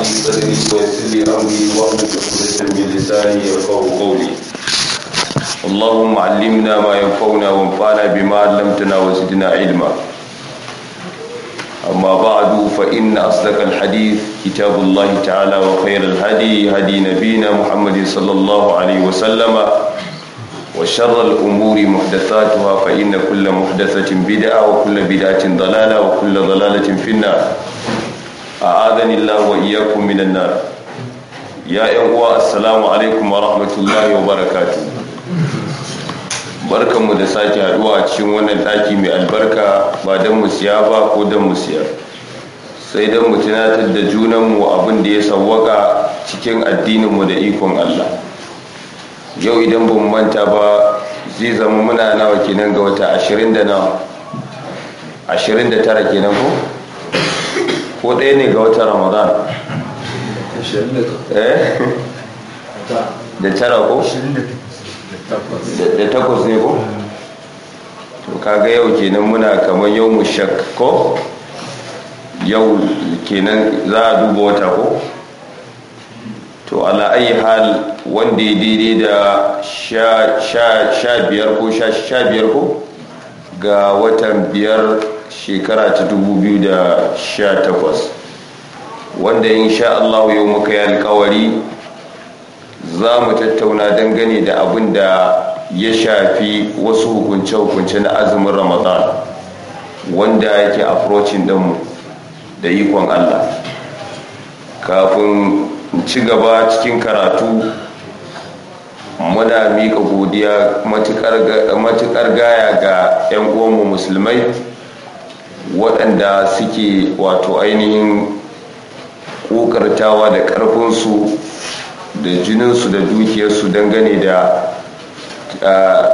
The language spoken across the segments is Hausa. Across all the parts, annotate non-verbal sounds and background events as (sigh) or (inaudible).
لي صدري ويسر لي امري واحلل عقدة من لساني يفقهوا قولي اللهم علمنا ما ينفعنا وانفعنا بما علمتنا وزدنا علما أما بعد فإن أصدق الحديث كتاب الله تعالى وخير الهدي هدي نبينا محمد صلى الله عليه وسلم وشر الأمور محدثاتها فإن كل محدثة بدعة وكل بدعة ضلالة وكل ضلالة في النار A'a الله wa من النار يا ya yan uwa assalamu alaikum wa rahmatullahi wa barakatuh mu da sake haduwa a cikin wannan daki mai albarka ba dan mu siya ba ko dan mu siya. sai dan mu tunatar da junanmu abin da ya sawwaka cikin addinin mu da ikon Allah yau idan ba manta ba zai zama muna nawa kenan ga wata 20 da nawa 29 kenan ko ko ɗaya ne ga wata ramadan eh? da tara ko da takwas ne ko to kaga yau kenan muna kamar yau mu shak ko yau kenan za a duba wata ko to ala ayi hal wanda ya daidai da sha biyar ko sha biyar ko ga watan biyar shekara ta takwas, wanda insha Allah yau muka yi alkawari za mu tattauna dangane da abin da ya shafi wasu hukunce-hukunce na azumin ramadan wanda yake approaching dinmu da ikon Allah kafin ci gaba cikin karatu muna miƙa godiya matuƙar gaya ga 'yan uwanmu musulmai waɗanda suke wato ainihin ƙoƙartawa da ƙarfinsu da jininsu da dukiyarsu dangane da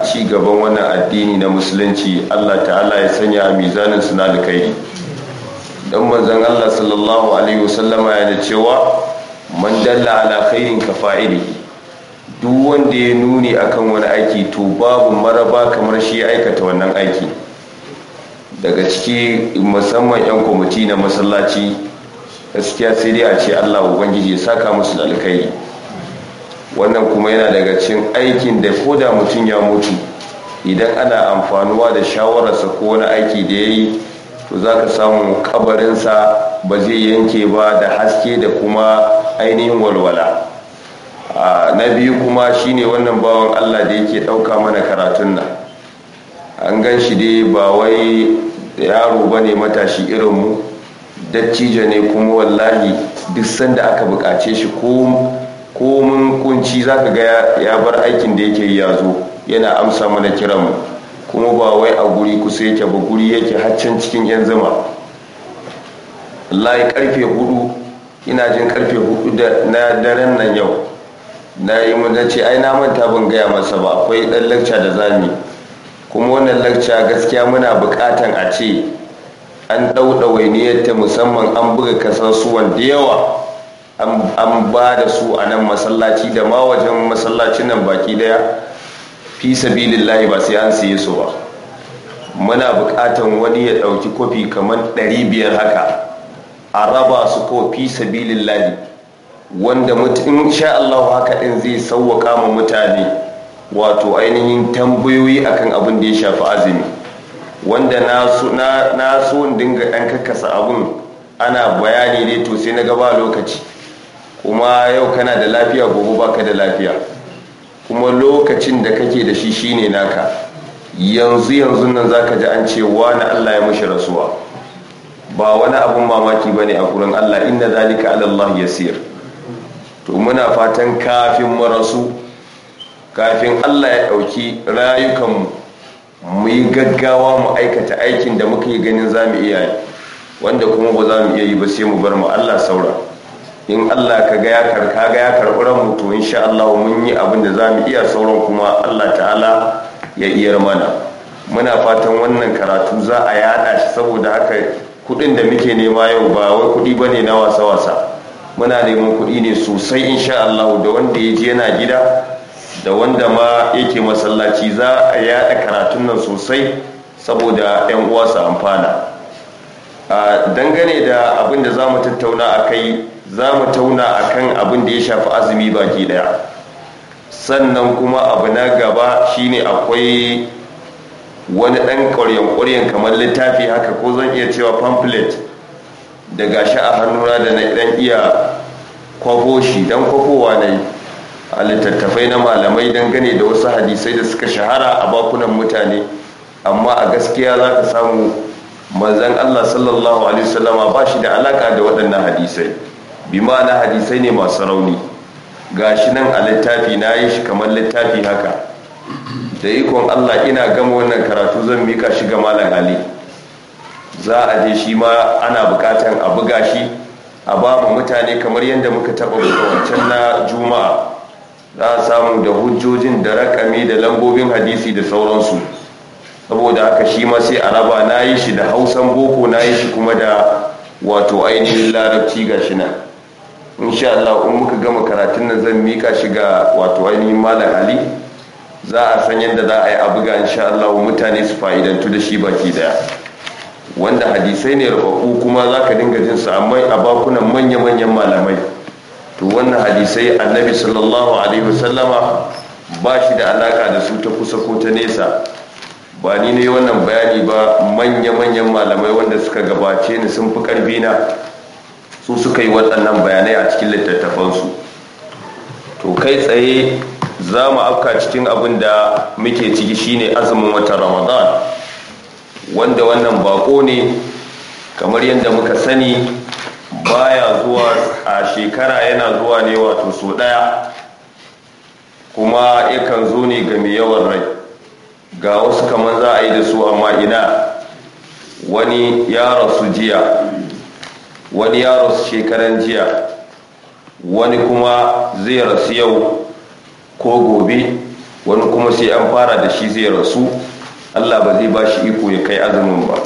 ci gaban wannan addini na musulunci allah ta'ala ya sanya a mizanin suna kai. don manzan allah sallallahu alaihi wasallama yana cewa man dalla ala khairin ka duk wanda ya nuni akan wani aiki to babu maraba kamar shi aikata wannan aiki daga ciki musamman 'yan kwamiti na masallaci gaskiya sai dai a ce allah ubangiji ya saka musu da alkhairi wannan kuma yana daga cikin aikin da ko da mutum ya mutu idan ana amfanuwa da shawararsa ko wani aiki da ya yi to za ka samu kabarinsa ba zai yanke ba da haske da kuma ainihin walwala ah, na biyu kuma shine wannan bawan allah da yake ɗauka mana karatun nan an gan shi dai ba wai yaro ba ne matashi irinmu dattijo ne kuma wallahi duk sanda aka bukace shi ko mun kunci za ka ga ya bar aikin da yake ya zo yana amsa mana mu kuma ba wai a guri kusa yake ba guri yake haccan cikin yan zama wallahi karfe hudu ina jin karfe hudu na daren nan yau na yi ce ai na manta ban gaya masa ba akwai dan lacca da zamu kuma wannan lakca gaskiya muna bukatan a ce an ɗauɗa ta musamman an buga kasasuwan da yawa an ba da su a nan masallaci da ma wajen masallaci nan baki daya fi sabilillahi ba sai an siye su ba muna bukatan wani ya ɗauki kofi kamar biyar haka a raba su ko fi sabilillahi wanda mutum sha Allah haka ɗin zai sauwaka ma mutane wato ainihin tambayoyi akan abin da ya shafi azumi wanda na so in dinga ɗan kakkasa abin ana bayani ne to sai na gaba lokaci kuma yau kana da lafiya gobe baka da lafiya kuma lokacin da kake da shi shine naka yanzu yanzu nan zaka ji an ce wani Allah ya mushi rasuwa ba wani abin mamaki bane a gurin Allah inna zalika ala Allah yasir to muna fatan kafin mu rasu kafin allah ya ɗauki rayukanmu mu yi gaggawa mu aikata aikin da muka yi ganin za mu iya wanda kuma ba za mu iya yi ba sai mu bar mu allah saura in allah ka ga ya karka ga ya karɓi mu to insha allah mun yi abin da za mu iya sauran kuma allah ta'ala ya iyar mana muna fatan wannan karatu za a yada shi saboda haka kuɗin da muke nema yau ba wai kudi ba ne na wasa-wasa muna neman kudi ne sosai insha Allah da wanda ya ji yana gida da wanda ma yake masallaci za a yada karatun nan sosai saboda 'yan uwa su amfana dangane da abin da za mu tattauna a kai za mu tauna a kan abin da ya shafi azumi baki daya sannan kuma abu na gaba shine akwai wani ɗan ƙwaryen-ƙwaryen kamar littafi haka ko zan iya cewa pamphlet daga gashi a hannuna da na ɗan iya kwafo shi don kwafowa na yi a littattafai na malamai dangane da wasu hadisai da suka shahara a bakunan mutane amma a gaskiya za ka samu manzan allah sallallahu alaihi wasallama ba shi da alaka da waɗannan hadisai bi ma'ana hadisai ne masu rauni Ga shi nan a littafi na yi shi kamar littafi haka da ikon allah ina gama wannan karatu zan mika shi ga malam ali za a je shi ma ana bukatan a buga shi a ba mutane kamar yadda muka taɓa buga wancan na juma'a za a samu da hujjojin da rakami da lambobin hadisi da sauransu saboda haka shi ma sai a raba na yi shi da hausan boko na yi shi kuma da wato ainihin larabci ga shi nan insha Allah in muka gama karatun nan zan mika shi ga wato ainihin malam ali za a san yadda za a yi abu ga insha Allah mutane su fa'idantu da shi baki daya wanda hadisai ne rubaku kuma za ka dinga jinsu amma a bakunan manya-manyan malamai to wannan hadisai annabi sallallahu alaihi wasallama ba shi da alaka da su ta kusa ko ta nesa ba ni ne wannan bayani ba manya-manyan malamai wanda suka gabace ni sun fi karfi na su suka yi waɗannan bayanai a cikin littattafansu to kai tsaye za mu afka cikin abin da muke ciki shine azumin wata ramadan wanda wannan bako ne kamar yadda muka sani baya zuwa a shekara yana zuwa ne wato so ɗaya kuma yakan zo ne ga mai yawan rai ga wasu kamar za a yi da su amma ina wani ya rasu jiya wani yaron su shekaran jiya wani kuma zai rasu yau ko gobe wani kuma sai an fara da shi zai rasu allah ba zai ba shi iko ya kai azumin ba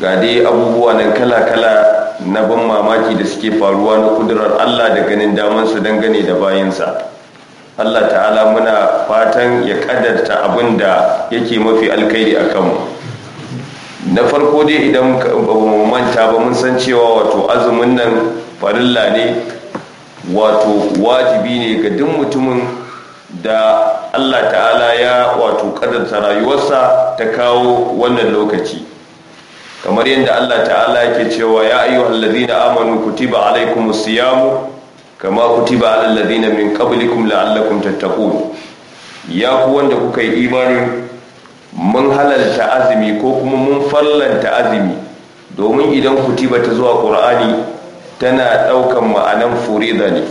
ga dai abubuwa nan kala-kala na ban mamaki da suke faruwa na kudurar Allah da ganin damansa dangane da bayansa Allah ta'ala muna fatan ya kadarta abin da yake mafi alkairi a kanmu na farko dai idan mu manta ba mun san cewa wato azumin nan farilla ne wato wajibi ne ga duk mutumin da Allah ta'ala ya wato kadarta rayuwarsa ta kawo wannan lokaci kamar yadda Allah ta'ala yake cewa ya ayyuhal ladina amanu kutiba alaikumus siyamu kama kutiba alal ladina min qablikum la'allakum tattaqun ya ku wanda kuka yi imani mun halalta azumi ko kuma mun fallanta azumi domin idan kutiba ta zuwa qur'ani tana daukan ma'anan furida ne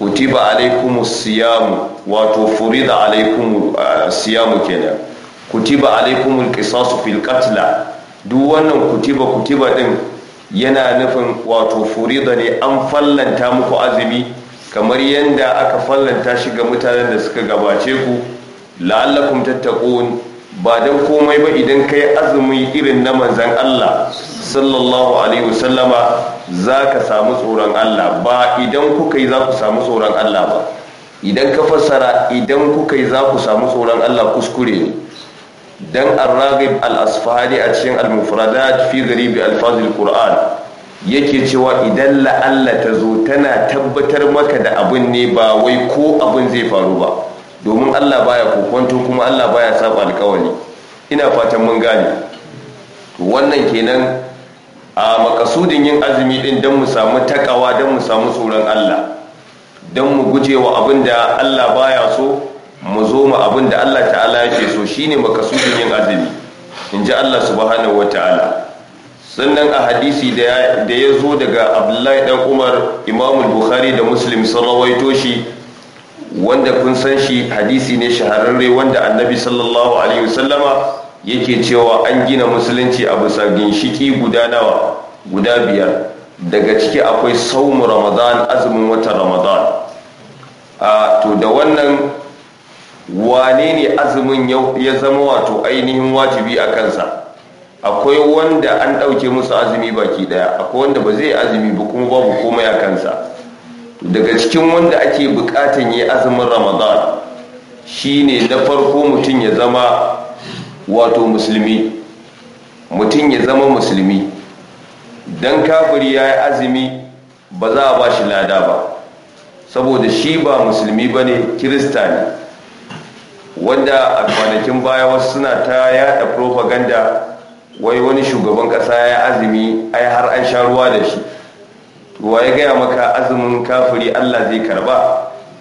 kutiba alaikumus siyamu wato furida alaikumus ah, siyamu kenan kutiba alaikumul qisasu fil qatla duk wannan kutiba kutiba din yana nufin wato furida ne an fallanta muku azumi kamar yadda aka fallanta shi ga mutanen da suka gabace ku la'allakum tattaqun ba don komai ba idan kai azumi irin na manzan Allah sallallahu alaihi wasallama ka samu tsoron Allah ba idan kuka yi za ku samu tsoron Allah ba idan ka fassara idan kuka yi za ku samu tsoron Allah kuskure ne dan al-raghib al-asfahani a cikin al-mufradat fi garibi al-fazil qur'an yake cewa idan la'alla ta zo tana tabbatar maka da abin ne ba wai ko abin zai faru ba domin Allah baya kokonto kuma Allah baya saba alkawari ina fatan mun gane wannan kenan a makasudin yin azumi din dan mu samu takawa dan mu samu tsoron Allah dan mu gujewa abin da Allah baya so mu zo mu abin da Allah ta'ala ya ce so shine makasudin yin azumi in ji Allah subhanahu wa ta'ala sannan a hadisi da ya zo daga abdullahi dan umar imamul bukhari da muslim sun rawaito shi wanda kun san shi hadisi ne shahararre wanda annabi sallallahu alaihi wasallama yake cewa an gina musulunci a bisa ginshiki guda nawa guda biyar daga ciki akwai saumu ramadan azumin watan ramadan a to da wannan wane ne azumin ya zama wato ainihin wajibi a kansa akwai wanda an ɗauke musu azumi baki daya akwai wanda ba zai azumi ba kuma babu komai a kansa daga cikin wanda ake bukatan yi azumin ramadan shine na farko mutum ya zama wato musulmi mutum ya zama musulmi don kafuri ya yi azumi ba za a ba shi lada ba saboda shi ba musulmi ba ne kirista ne wanda a kwanakin baya wasu suna ta yada propaganda wai wani shugaban kasa ya azumi ai har an sha ruwa da shi wa ya gaya maka azumin kafiri Allah zai karba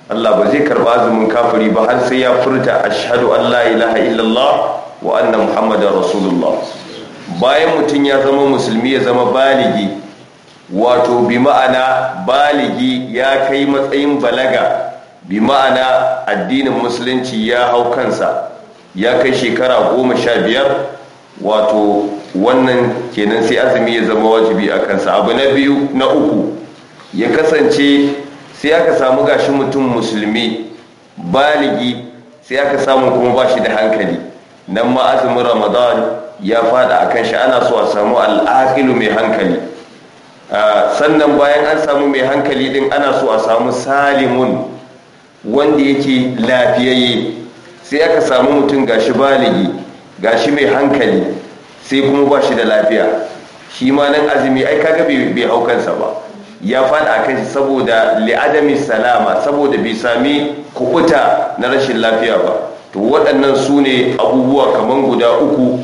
Allah ba zai karba azumin kafiri ba har sai ya furta ashhadu an la ilaha illallah wa anna muhammadar rasulullah bayan mutum ya zama musulmi ya zama baligi wato bi ma'ana baligi ya kai matsayin balaga bi ma'ana addinin musulunci ya hau kansa ya kai shekara goma sha biyar wato wannan kenan sai azumi ya zama wajibi a kansa abu na biyu na uku ya kasance sai aka samu gashi mutum musulmi baligi sai aka samu kuma bashi da hankali nan ma azumin ramadan ya fada a kan shi ana so a samu al'aƙilu mai hankali ah, sannan bayan an samu mai hankali din ana so a samu salimun wanda yake lafiyayye sai aka samu mutum gashi baligi gashi mai hankali sai kuma ba shi da lafiya shi ma nan azumi ai kaga bai hau kansa ba ya fada kan shi saboda li'adami salama saboda bai sami kubuta na rashin lafiya ba to waɗannan su ne abubuwa kamar guda uku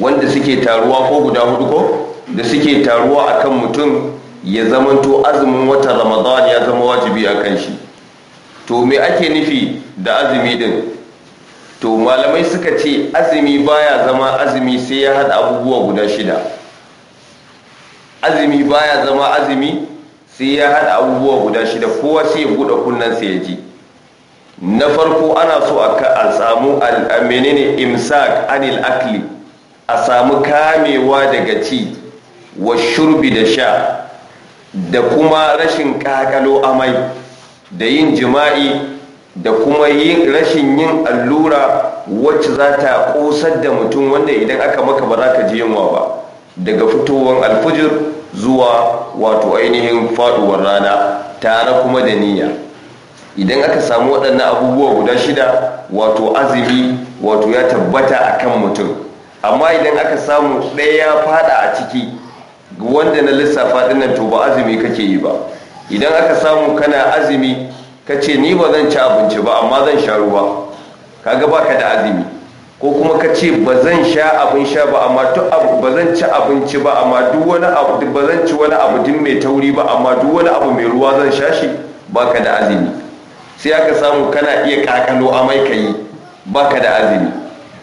wanda suke taruwa ko guda hudu ko da suke taruwa akan mutum ya zamanto azumin watan ramadan ya zama wajibi a kan shi to me ake nufi da azumi din to malamai suka ce azumi baya zama azumi sai ya hada abubuwa guda shida azumi baya zama azumi sai ya hada abubuwa guda shida kowa sai ya bude kunnen ya ji na farko ana so a samu menene imsak anil akli a samu kamewa daga ci wa shurbi da sha da kuma rashin kakalo amai da yin jima'i da kuma yin rashin yin allura wacce za ta kosar da mutum wanda idan aka maka ba za ka ji yunwa ba daga fitowar alfijir zuwa wato ainihin faduwar rana tare kuma da niyya idan aka samu waɗannan abubuwa guda shida wato azumi wato ya tabbata a kan mutum amma idan aka samu ɗaya ya fada a ciki wanda na lissafa ɗinnan to ba azumi kake yi ba idan aka samu kana azumi ka ce ni ba zan ci abinci ba amma zan sha ruwa kaga baka da azumi ko kuma ka ce ba zan sha abin sha ba amma duk abu ba zan ci abinci ba amma duk wani abu ba zan ci wani abu din mai tauri ba amma duk wani abu mai ruwa zan sha shi baka da azumi sai aka samu kana iya kakalo amai ka yi baka da azumi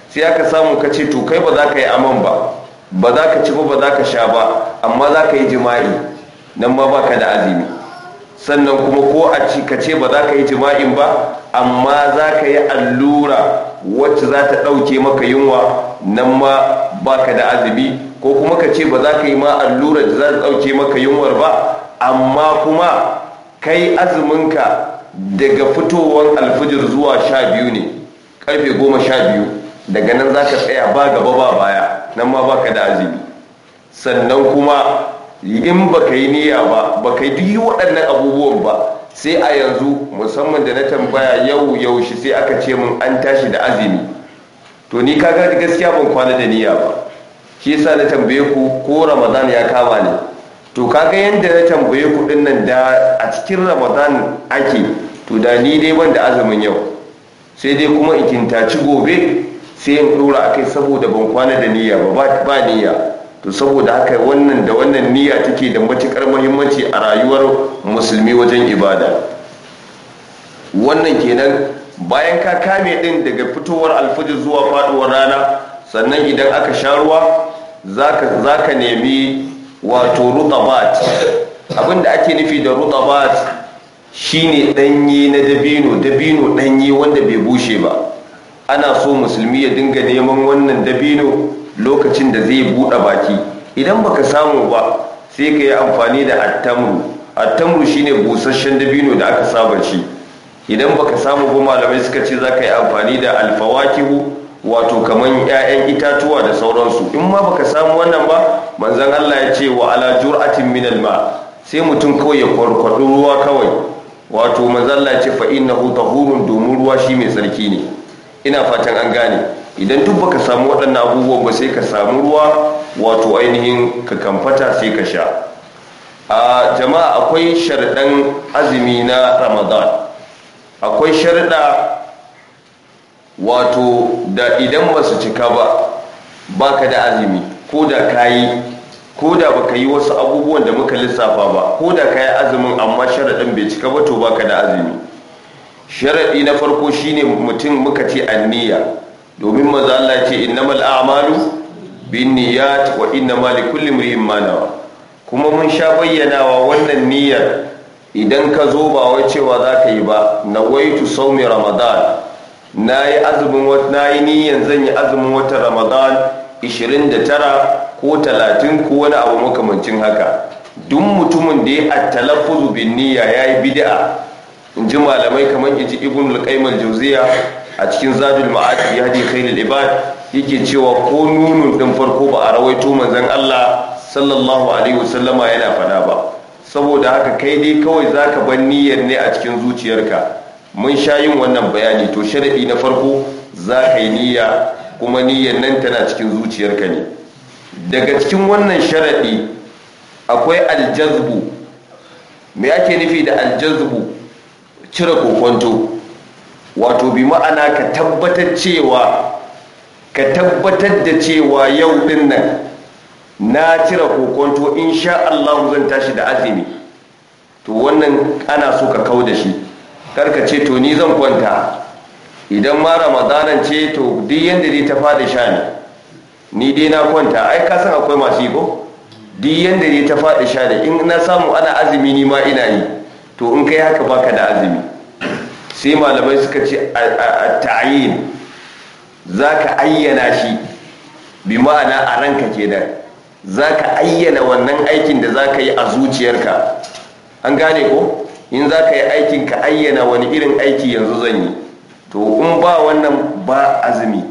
sai aka samu ka ce to kai ba za ka yi aman ba ba za ka ci ba ba za ka sha ba amma za ka yi jima'i nan ma baka da azumi sannan kuma ko a ci ka ce ba za ka yi jima'in ba amma za ka yi allura wacce za ta ɗauke maka yunwa nan ma ba ka da azumi ko kuma ka ce ba za ka yi ma allura da za ta ɗauke maka yunwar ba amma kuma kai azuminka daga fitowar alfijir zuwa sha biyu ne karfe goma sha biyu daga nan za ka tsaya ba gaba ba baya nan ma ba ka da azumi sannan kuma in baka yi niyya ba baka yi waɗannan abubuwan ba sai a yanzu musamman da na tambaya yau yaushe sai aka ce mun an tashi da azumi to ni kaga gaskiya ban kwana da niyya ba shi yasa na tambaye ku ko ramadan ya kama ne to kaga yadda na tambaye ku din nan da a cikin ramadan ake to da ni dai ban da azumin yau sai dai kuma in kintaci gobe sai in dora akai saboda ban kwana da niyya ba ba niyya to saboda haka wannan da wannan niyya take da matukar muhimmanci a rayuwar musulmi wajen ibada wannan kenan bayan ka kame din daga fitowar alfajir zuwa faduwar rana sannan idan aka sha ruwa za ka nemi wato rutabat abinda ake nufi da rutabat shine ɗanye na dabino dabino ɗanye wanda bai bushe ba ana so musulmi ya dinga neman wannan dabino lokacin da zai buɗe baki idan baka samu ba sai ka yi amfani da attamru attamru shine busasshen dabino da aka saba shi idan baka samu ba malamai suka ce za ka yi amfani da alfawakihu wato kamar 'ya'yan itatuwa da sauransu in ma baka samu wannan ba manzon Allah ya ce wa ala jur'atin min alma sai mutum kawai ya kwarkwado ruwa kawai wato manzon Allah ya ce fa innahu tahurun domin ruwa shi mai tsarki ne ina fatan an gane idan duk baka samu waɗannan abubuwan ba sai ka samu ruwa wato ainihin ka kamfata sai ka sha a jama'a akwai sharɗan azumi na ramadan akwai sharɗa wato da idan ba su cika ba baka da azumi ko da kayi ko da baka yi wasu abubuwan da muka lissafa ba ko da kayi azumin amma sharaɗin bai cika ba to baka da azumi sharaɗi na farko shine mutum muka ce anniya domin maza Allah ce innamal a'malu niyyat wa innama kulli imrin ma nawa kuma mun sha bayyanawa wannan niyyar idan ka zo ba wai cewa za ka yi ba na waitu sawmi ramadan nayi azumin na yi niyyan zan yi azumin watan ramadan 29 ko 30 ko wani abu makamancin haka duk mutumin da ya attalaffuzu bin niyya ya bid'a in ji malamai kamar in ji ibn al-qayyim a cikin zadul ma'ad ya hadi khairul ibad yake cewa ko nunun din farko ba a rawaito manzon Allah sallallahu alaihi wasallama yana fada ba saboda haka kai dai kawai zaka bar niyyar ne a cikin zuciyarka mun sha yin wannan bayani to sharadi na farko ka yi niyya kuma niyyar nan tana cikin zuciyarka ne daga cikin wannan sharadi akwai aljazbu me ake nufi da aljazbu cire kokonto wato bi ma'ana ka tabbatar cewa ka tabbatar da cewa yau din nan na cire kokonto insha Allah zan tashi da azumi to wannan ana so ka kau da shi karka ce to ni zan kwanta idan ma ramadanan ce to duk yanda dai ta fada sha ne ni dai na kwanta ai ka san akwai masu yi ko duk yanda dai ta fada sha ne in na samu ana azumi ni ma ina yi to in kai haka baka da azumi sai malamai suka ce a ta'ayin za ka ayyana shi bi ma'ana a ranka kenan za ka ayyana wannan aikin da za ka yi a zuciyarka an gane ko in za ka yi aikin ka ayyana wani irin aiki yanzu zan yi to in ba wannan ba azumi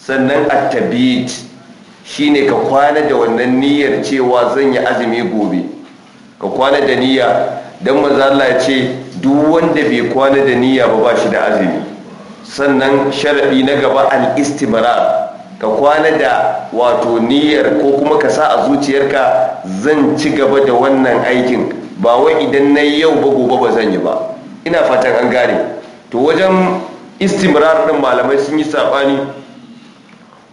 sannan attabit shine ka kwana da wannan niyyar cewa zan yi azumi gobe ka kwana da niyya don manzo Allah ya ce duk wanda bai kwana da niyya ba ba shi da azumi sannan sharaɗi na gaba al-istimrar ka kwana da wato niyyar ko kuma ka sa a zuciyarka zan ci gaba da wannan aikin ba wai idan na yau ba gobe ba zan yi ba ina fatan an gane to wajen istimrar ɗin malamai sun yi saɓani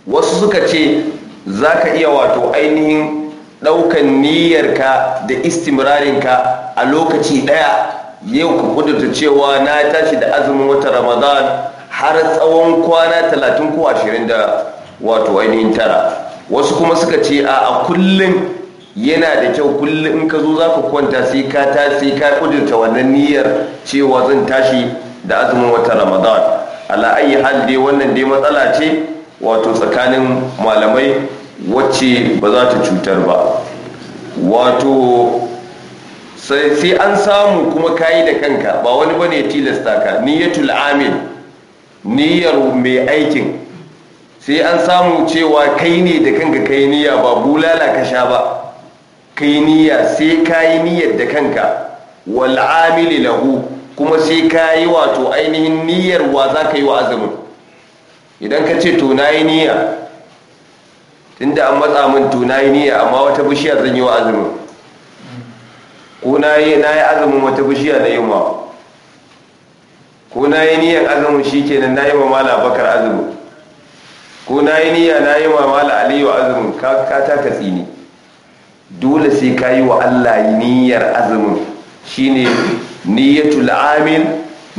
wasu suka ce za ka iya wato ainihin ɗaukan niyyarka da istimrarinka a lokaci ɗaya yau ka kudurta cewa na tashi da azumin wata ramadan har tsawon kwana talatin ko ashirin da wato ainihin tara wasu kuma suka ce a kullum yana da kyau kullum in ka zo za ka kwanta sai ka tashi ka kudurta wannan niyyar cewa zan tashi da azumin wata ramadan ala ayi hal dai wannan dai matsala ce wato tsakanin malamai wacce ba za ta cutar ba wato sai an samu kuma kayi da kanka ba wani bane ya tilasta ka niyyatul amil niyyar mai aikin sai an samu cewa kai ne da kanka kai niyya ba bulala ka sha ba kai niyya sai kayi niyyar da kanka wal amil lahu kuma sai kayi wato ainihin niyyar wa za ka yi wa azumin idan ka ce to nayi niyya tunda an matsa min to nayi niyya amma wata bishiya zan yi wa azumin ko na yi azumin wata bishiya na yunwa ko na yi niyan azumin shi ke nan na yi wa mala bakar azumin ko na yi niyan na yi wa mala aliyu azumin ka taka tsini dole sai ka yi wa allah niyyar azumin shi ne niyyatul amil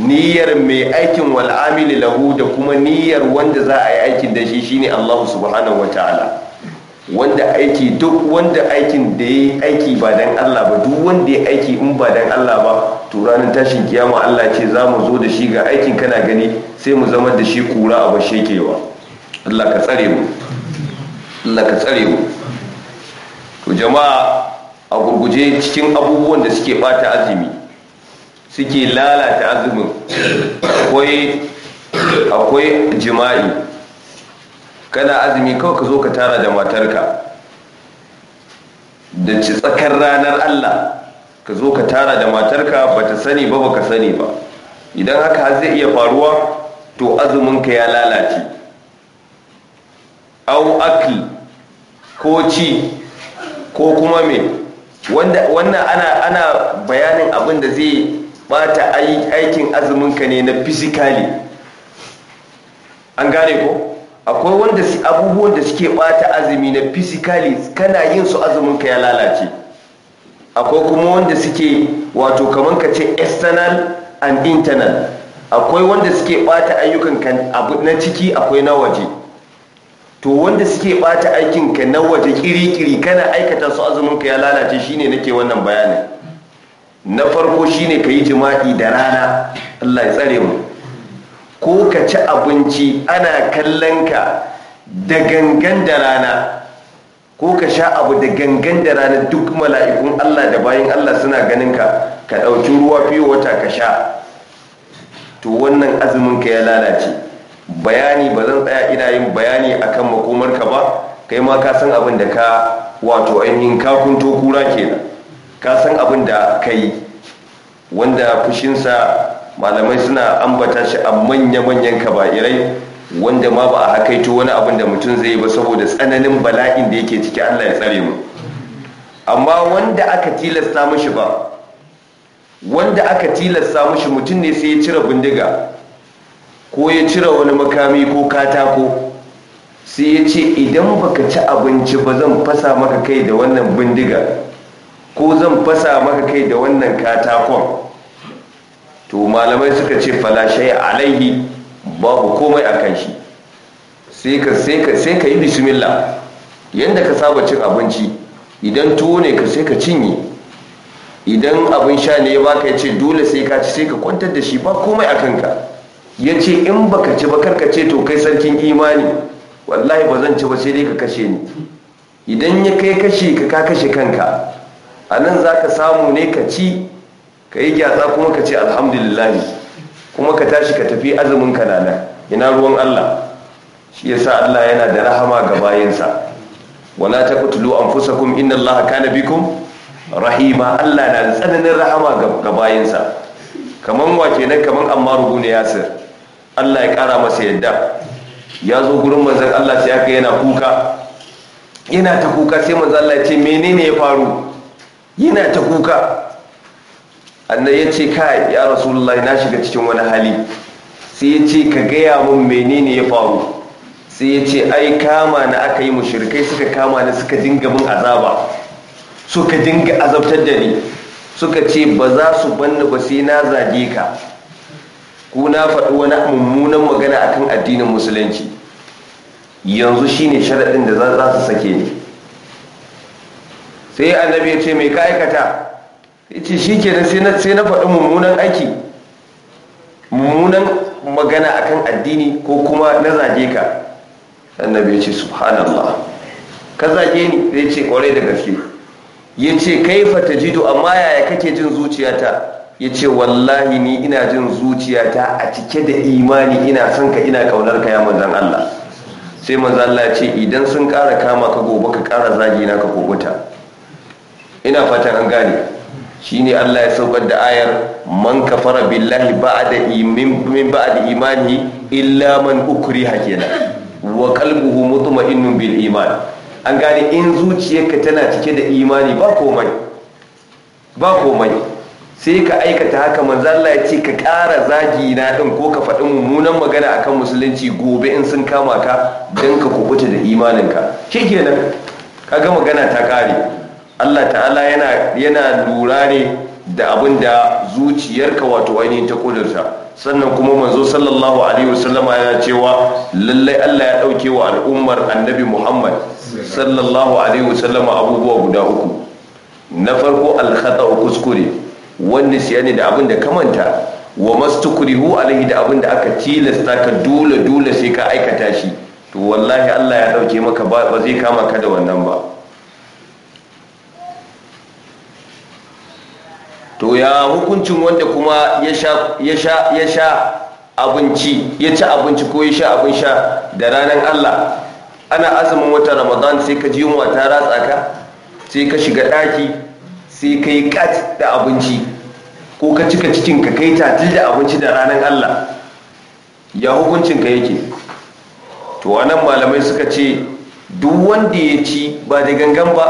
niyyar mai aikin wal lahu da kuma niyyar wanda za a yi aikin da shi shine allah subhanahu wa ta'ala wanda aiki duk wanda aikin da ya aiki ba dan Allah ba duk wanda ya aiki in ba dan Allah ba to ranar tashin kiyama Allah ce za mu zo da shi ga aikin kana gani sai mu zama da shi kura a bashe kewa Allah ka tsare mu Allah ka tsare mu to jama'a a gurguje cikin abubuwan da suke bata azumi suke lalata azumin akwai akwai jima'i kana azumi kawai ka zo ka tara da matarka da ci tsakar ranar Allah ka zo ka tara da matarka ba ta sani ba ba ka sani ba idan haka zai iya faruwa to azuminka ya lalace au akli ko ci ko kuma me wannan ana, ana bayanin abin da zai bata aikin azuminka ne na fisikali an gane ko? akwai wanda abubuwan da suke bata azumi na physically kana yin su azumin ka ya lalace akwai kuma wanda suke wato kamar ka ce external and internal akwai wanda suke bata ayyukan kan abu na ciki akwai na waje to wanda suke bata aikin ka na waje kiri-kiri kana aikata su azumin ka ya lalace shine nake wannan bayanin na farko shine ka yi jima'i da rana Allah ya tsare mu ko ka ci abinci ana kallon ka da gangan da rana ko ka sha abu da gangan da rana duk mala'ikun Allah da bayan Allah suna ganin ka ka ɗauki ruwa fiye wata ka sha to wannan azumin ka ya lalace bayani ba zan tsaya ina yin bayani akan makomarka ba kai ma ka san abin da ka wato ainihin kakunto kura kenan ka san abin da ka yi wanda fushinsa malamai suna ambata shi a manya-manyan kaba'irai wanda ma ba a hakaito wani abin da mutum zai ba saboda tsananin bala'in da yake ciki Allah ya tsare mu amma wanda aka tilasta mushi ba wanda aka tilasta mushi mutum ne sai ya cire bindiga ko ya cire wani makami ko katako sai ya ce idan baka ci abinci ba zan fasa maka kai da wannan bindiga ko zan fasa maka kai da wannan katakon to malamai suka ce fala shay alaihi babu komai akan shi sai ka yi bismillah yanda ka saba cin abinci idan tuwo ne ka sai ka cinye idan abin sha ne ya baka ya ce dole sai ka ci sai ka kwantar da shi ba komai a kanka ya ce in baka ci ba karka ce to kai sarkin imani wallahi ba zan ci ba sai dai ka kashe ni idan ya kai kashe ka ka kashe kanka a nan za ka samu ne ka ci ka yi gyatsa kuma ka ce alhamdulillahi kuma ka tashi ka tafi azumin kanana ina ruwan Allah shi yasa Allah yana da rahama ga bayinsa wala taqtulu anfusakum inna Allaha kana bikum rahima Allah na da tsananin rahama ga bayinsa kaman wa ne kaman Ammar ibn Yasir Allah ya kara masa yadda ya zo gurin manzon Allah sai aka yana kuka yana ta kuka sai manzon Allah ya ce menene ya faru yana ta kuka annabi ya ce kai ya rasulullahi na shiga cikin wani hali sai ya ce ka gaya mun menene ya faru sai ya ce ai kama na aka yi mushrikai suka kama na suka dinga min azaba suka dinga azabtar da ni suka ce ba za su banda ba sai na zage ka ko na faɗi wani mummunan magana akan addinin musulunci yanzu shine sharaɗin da za su sake ni sai annabi ya ce mai ka aikata yace shi sai na sai na faɗi mummunan aiki mummunan magana akan addini ko kuma na zage ka annabi ce subhanallah ka zage ni zai ce kwarai da gaske Ya ce yace fata tajidu amma yaya kake jin zuciyata ce wallahi ni ina jin zuciyata a cike da imani ina son ka ina kaunar ka ya mazan Allah sai manzon Allah ce idan sun kara kama ka gobe ka kara zage na ka ta. ina fatan an gane shine Allah ya saukar da ayar man kafara billahi ba'da min ba'da imani illa man ukriha kenan wa qalbuhu mutma'innun bil iman an gane in zuciyarka tana cike da imani ba komai ba komai sai ka aikata haka manzo Allah ce ka ƙara zagi na din ko ka faɗi mummunan magana akan musulunci gobe in sun kama ka dan ka kubuta da imaninka shikenan ga magana ta ƙare Allah ta'ala yana yana lura ne da abin da zuciyarka wato ainihin ta kudurta sannan kuma manzo sallallahu alaihi wasallama yana cewa lallai Allah ya dauke wa al'ummar annabi Muhammad sallallahu alaihi wasallama abubuwa guda uku na farko al-khata kuskure wanda ne da abin da kamanta wa mastukrihu alaihi da abin da aka tilasta ka dole dole sai ka aikata shi to wallahi Allah ya dauke maka ba zai kama ka da wannan ba ya hukuncin wanda kuma ya sha abinci ya ci abinci ko ya sha abin sha da ranar Allah ana azumin wata ramadan sai ka ji yunwa ta ratsa ka sai ka shiga ɗaki sai ka yi kat da abinci ko ka cika cikin ka kai tatil da abinci da ranar Allah ya hukuncin ka yake to wannan malamai suka ce duk wanda ya ci ba da gangan ba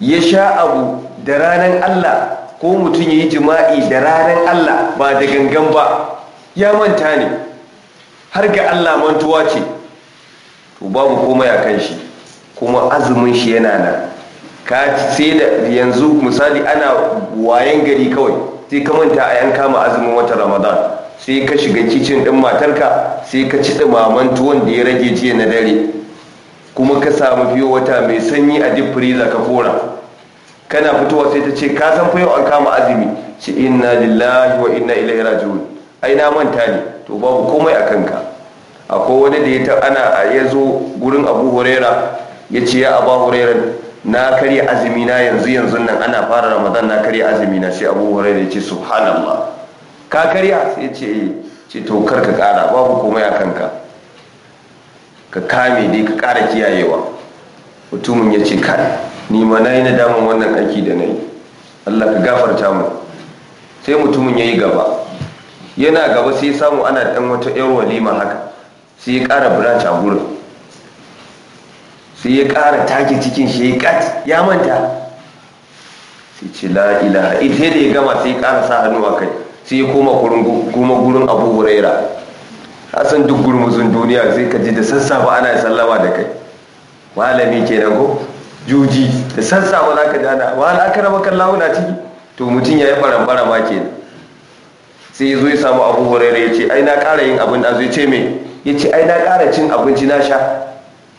ya sha abu da ranar Allah ko mutum ya yi jima'i da ranar Allah ba da gangan ba ya manta ne har ga Allah mantuwa ce to babu komai a kan shi kuma azumin shi yana nan ka sai da yanzu misali ana wayan gari kawai sai ka manta a yanka ma azumin wata ramadan sai ka shiga kicin din matarka sai ka ci ɗumaman tuwon da ya rage jiya na dare kuma ka samu fiye wata mai sanyi a dip freezer ka fora kana fitowa sai ta ce ka san fa yau an kama azumi ce inna lillahi wa inna ilaihi raji'un ai na manta ne to babu komai a kanka akwai wani da ya ana ya zo gurin abu huraira ya ce ya abu huraira na karya azumi na yanzu yanzu nan ana fara ramadan na karya azumi na sai abu huraira ya ce subhanallah ka karya sai ce eh. ce to kar ka kara babu komai a kanka ka kame dai ka kara kiyayewa mutumin ya ce kai ni ma na yi nadaman wannan aiki da na yi allah ka gafarta mu sai mutumin ya yi gaba yana gaba sai samu ana ɗan wata yar walima haka sai ya ƙara branch a gurin sai ya ƙara take cikin shi ya manta sai ce la ilaha ita da ya gama sai ya ƙara sa hannu a kai sai ya koma kuma gurin abu huraira hasan duk gurmuzin duniya sai ka ji da sassafa ana sallama da kai malami kenan ko juji da sassa ba za ka jana wa raba kan launa ciki to mutum ya yi barambara ma ke sai ya zo ya samu abu hurairu ya ce ai na ƙara yin abin da zai ce me ya ce ai na ƙara cin abinci na sha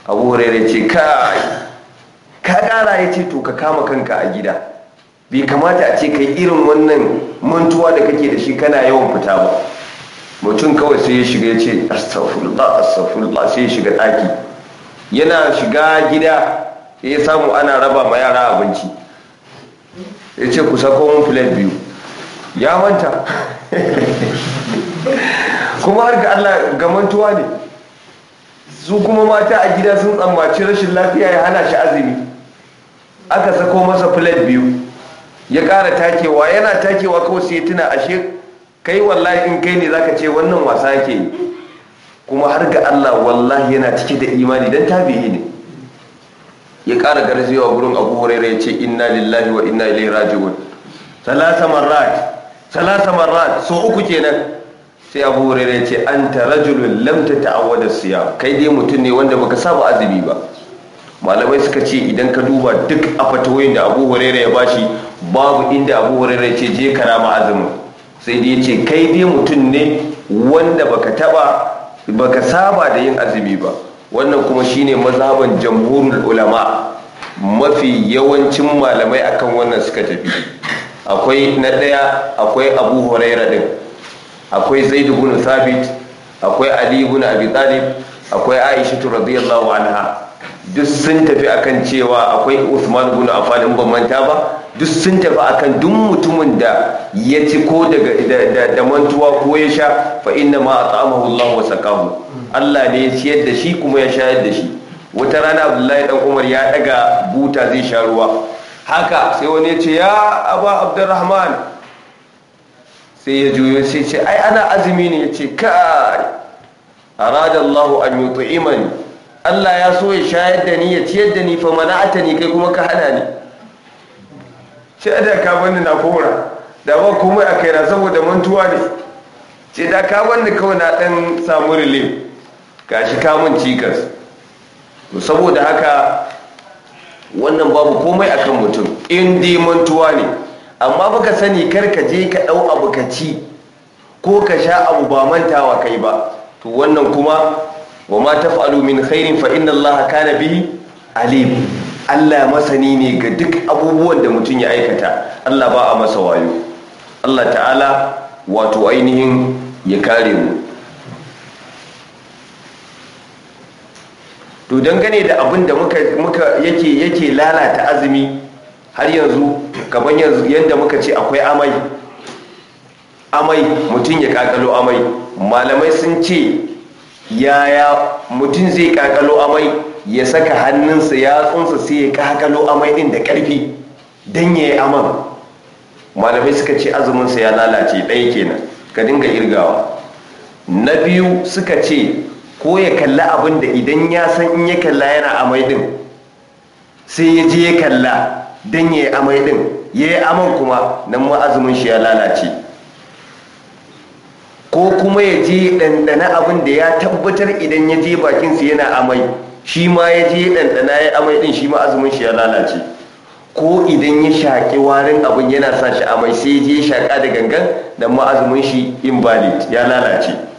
abu hurairu ya ce kai ka ƙara ya ce to ka kama kanka a gida bai kamata a ce kai irin wannan mantuwa da kake da shi kana yawan fita ba mutum kawai sai ya shiga ya ce astaghfirullah astaghfirullah sai ya shiga ɗaki yana shiga gida ya samu ana raba ma yara abinci ya ce ku sako filet biyu ya manta (laughs) kuma har ga Allah gamantuwa ne su kuma mata a gida sun tsammaci rashin lafiya ya hana shi azumi aka sako masa filet biyu ya ƙara takewa yana takewa kawai sai tuna ashe kai wallahi in kai ne zaka ce wannan wasa ke kuma har ga Allah wallahi yana cike da imani dan tabi'i ne ya ƙara garzewa gurin abu huraira ya ce inna lillahi wa inna ilai rajiwun salasa marrat salasa marrat so uku kenan sai abu huraira ya ce ta rajulun lam tata'awwada siya kai dai mutum ne wanda baka saba azumi ba malamai suka ce idan ka duba duk a fatawoyin da abu huraira ya bashi babu inda abu huraira ya ce je ka ma azumin sai dai ya ce kai dai mutum ne wanda baka taba baka saba da yin azumi ba wannan kuma shine mazhaban jamhurul ulama mafi yawancin malamai akan wannan suka tafi akwai na ɗaya akwai abu huraira din akwai zaid ibn thabit akwai ali ibn abi talib akwai aisha radhiyallahu anha duk sun tafi akan cewa akwai usman ibn affan in ban manta ba duk sun tafi akan duk mutumin da ya ci ko daga da mantuwa ko ya sha fa inna ma ta'amahu allah wa sakahu Allah ne ya ciyar da shi kuma ya shayar da shi wata rana abdullahi dan umar ya daga buta zai sha ruwa haka sai wani ya ce ya aba abdurrahman sai ya juyo sai ce ai ana azumi ne ya ce kai arada allahu an yut'imani Allah ya so ya shayar da ni ya ciyar da ni fa mana'ata ni kai kuma ka hana ni sai da ka bani na kora da ba komai a kaina saboda mantuwa ne ce da ka bani kawai na dan samu relief gashi kamun cikas saboda haka wannan babu komai akan mutum in mantuwa ne amma baka sani kar ka je ka ɗau abu ka ci ko ka sha abu ba mantawa kai ba to wannan kuma wa ma taf'alu min khairin fa inna Allah kana bihi alim Allah masani ne ga duk abubuwan da mutum ya aikata Allah ba a masa wayo Allah ta'ala wato ainihin ya kare mu to dangane da abin da muka yake yake lalata azumi har yanzu gaban yanzu yadda muka ce akwai amai amai mutum ya kakalo amai malamai sun ce yaya mutum zai kakalo amai ya saka hannunsa ya yatsunsa sai ya kakalo amai din da karfi don ya yi aman malamai suka ce azuminsa ya lalace ɗaya kenan ka dinga irgawa na biyu suka ce ko ya kalla abin da idan ya san in ya kalla yana amai din sai ya je ya kalla don ya yi amai din ya yi aman kuma nan ma shi ya lalace ko kuma ya je ɗanɗana abin da ya tabbatar idan ya je bakinsa yana amai shi ma ya je ɗanɗana ya amai ɗin shi ma azumin shi ya lalace ko idan ya shaƙi warin abin yana sa shi amai sai ya je shaƙa da gangan da ma azumin shi invalid ya lalace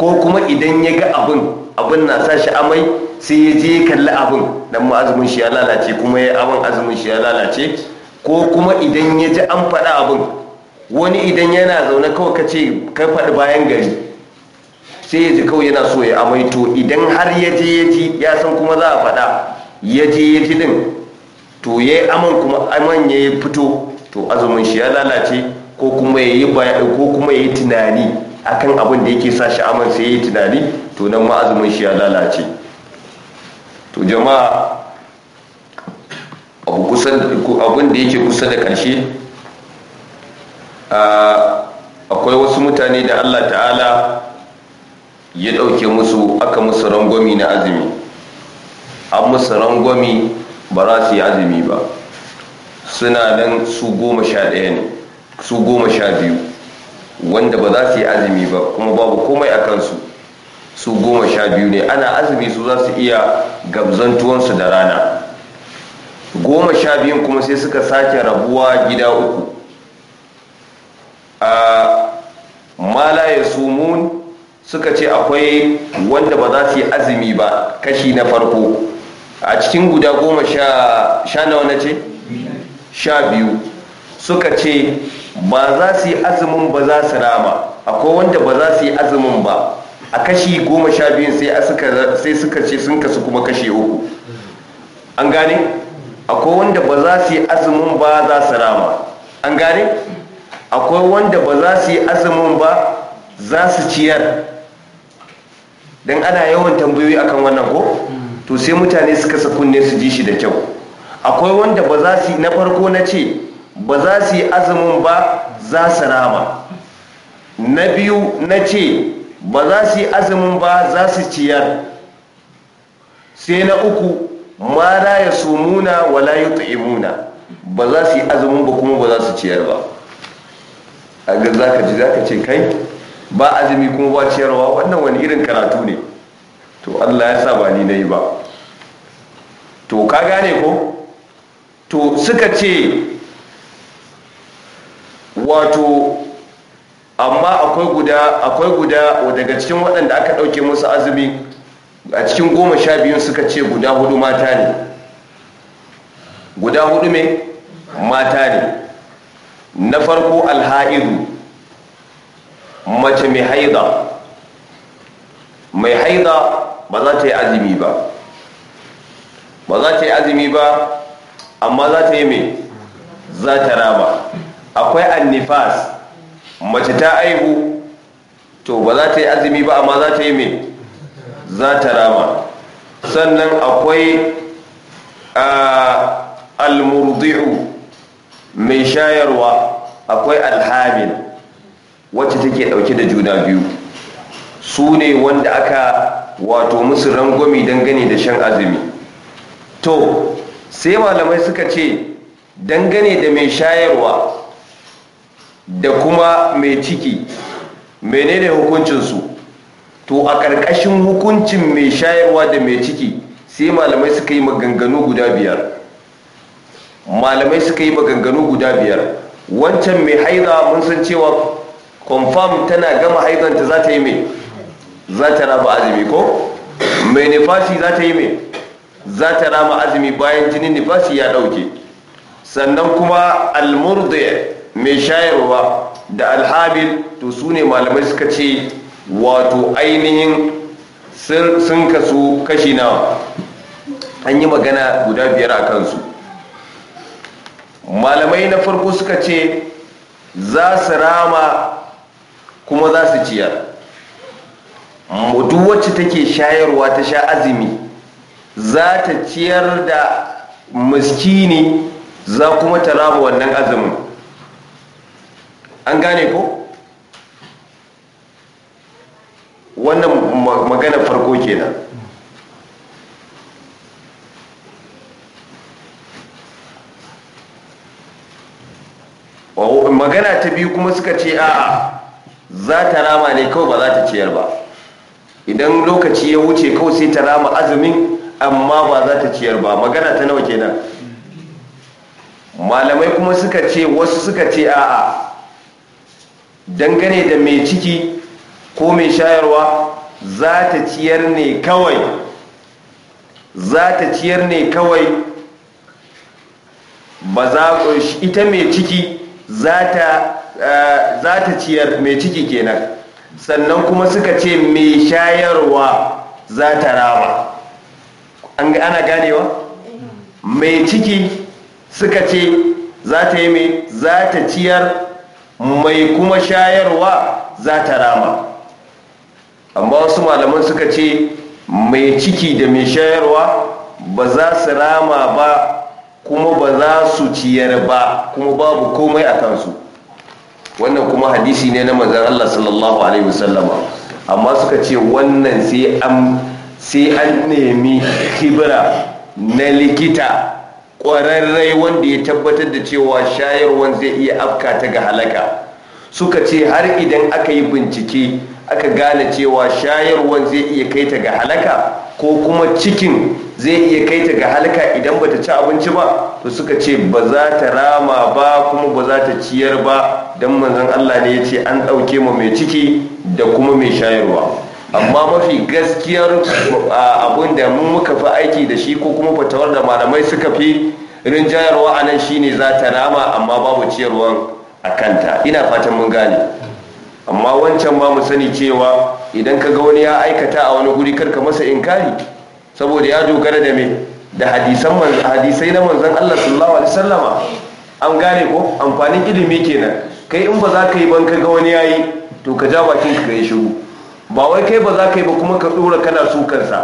ko kuma idan ya ga abin abin na sa shi amai sai ya je kalli abin dan mu azumin shi ya lalace kuma ya abin azumin shi ya lalace ko kuma idan ya ji an faɗa abin wani idan yana zaune kawai ka ce ka faɗi bayan gari sai ya ji kawai yana so ya amai to idan har ya je ya ji ya san kuma za a faɗa ya je ya ji din to ya yi aman kuma aman ya fito to azumin shi ya lalace ko kuma ya yi tunani akan abin da yake sa shi aman sai yi tunani to nan ma azumin shi ya lalace to jama'a abu abin da yake kusa da ƙarshe akwai wasu mutane da allah ta'ala ya ɗauke musu aka musu rangwami na azumi an musu rangwami ba za su yi azumi ba suna nan su goma sha ɗaya ne su goma sha biyu wanda ba za su yi azumi ba kuma babu komai a kansu su goma sha biyu ne ana azumi su za su iya gabzantuwansu da rana goma sha biyun kuma sai suka sake rabuwa gida uku a mala ya sumun suka ce akwai wanda ba za su yi azumi ba kashi na farko a cikin guda goma sha nawa na ce sha biyu suka ce ba za su yi azumin ba za su rama akwai wanda ba za su yi azumin ba a kashi goma sha biyun sai suka ce sun kasu kuma kashe uku an gane akwai wanda ba za su yi azumin ba za su rama an gane akwai wanda ba za su yi azumin ba za su ciyar don ana yawan tambayoyi akan wannan ko to sai mutane suka sa kunne su ji shi da kyau akwai wanda ba za su yi na farko na ce ba za su yi azumin ba za su rama na biyu na ce ba za su yi azumin ba za su ciyar sai na uku ma ya sumuna wala imuna ba za su yi azumin ba kuma ba za su ciyar ba a ga ka ji ka ce kai ba azumi kuma ba ciyarwa wannan wani irin karatu ne to Allah ya sa ba ni yi ba to ka gane ko to suka ce wato amma akwai guda akwai guda daga cikin waɗanda aka ɗauke musu azumi a cikin goma sha biyu suka ce guda hudu mata ne guda hudu me mata ne na farko alha'idu mace mai haida mai haida ba za ta yi azumi ba ba za ta yi azumi ba amma za ta yi mai za ta raba akwai annifas mace ta aihu to ba za ta yi azumi ba amma za ta yi mai za ta rama sannan akwai almurdi'u mai shayarwa akwai alhamin wacce take dauke da juna biyu su ne wanda aka wato musu rangwami dangane da shan azumi to sai malamai suka ce dangane da mai shayarwa da kuma mai ciki menene hukuncinsu to a ƙarƙashin hukuncin mai shayarwa da mai ciki sai malamai suka yi maganganu guda biyar malamai suka yi maganganu guda biyar wancan mai haiza mun san cewa confirm tana gama haizanta za ta yi mai za ta raba azumi ko mai nifasi za ta yi mai za ta rama azumi bayan jinin nifasi ya ɗauke sannan kuma almurdiya mai shayarwa da alhabil to su ne malamai suka ce wato ainihin sun kasu kashi na an yi magana guda biyar a kansu malamai na farko suka ce za su rama kuma za su ciyar duk wacce take shayarwa ta sha azumi za ta ciyar da miskini za kuma ta rama wannan azumin an gane ko wannan magana farko kenan magana ta biyu kuma suka ce a'a za ta rama ne kawai ba za ta ciyar ba idan lokaci ya wuce kawai sai ta rama azumin amma ba za ta ciyar ba magana ta nawa kenan malamai kuma suka ce wasu suka ce a'a dangane da mai ciki ko mai shayarwa za ta ciyar ne kawai za ta ciyar ne kawai ba za ita mai ciki za ta eh, ciyar mai ciki kenan sannan kuma suka ce mai shayarwa za ta raba. ana ganewa eh. mai ciki suka ce za ta yi mai za ta ciyar mai kuma shayarwa za ta rama amma wasu malaman suka ce mai ciki da mai shayarwa ba za su rama ba kuma ba za su ciyar ba kuma babu komai a kansu wannan kuma hadisi ne na manzan Allah sallallahu alaihi wasallama amma suka ce wannan sai an nemi kibra na likita ƙwararrai wanda ya tabbatar da cewa shayarwan zai iya afka ta ga halaka suka ce har idan aka yi bincike aka gane cewa shayarwan zai iya kai ta ga halaka ko kuma cikin zai iya kai ta ga halaka idan bata ci abinci ba to suka ce ba za ta rama ba kuma ba za ta ciyar ba don manzon Allah ne ya ce an ɗauke mu mai ciki da kuma mai shayarwa amma mafi gaskiyar abin da mun muka fi aiki da shi ko kuma fatawar da malamai suka fi rinjayarwa a nan shine za ta rama amma babu ciyarwan a kanta ina fatan mun gane amma wancan ba mu sani cewa idan ka ga wani ya aikata a wani guri karka masa inkari saboda ya dogara da me da hadisai na manzon Allah sallallahu alaihi wasallama an gane ko amfanin ilimi kenan kai in ba za ka yi ban ka ga wani yayi to ka ja bakin ka yi shiru ba wai kai ba za ka yi ba kuma ka dora kana ka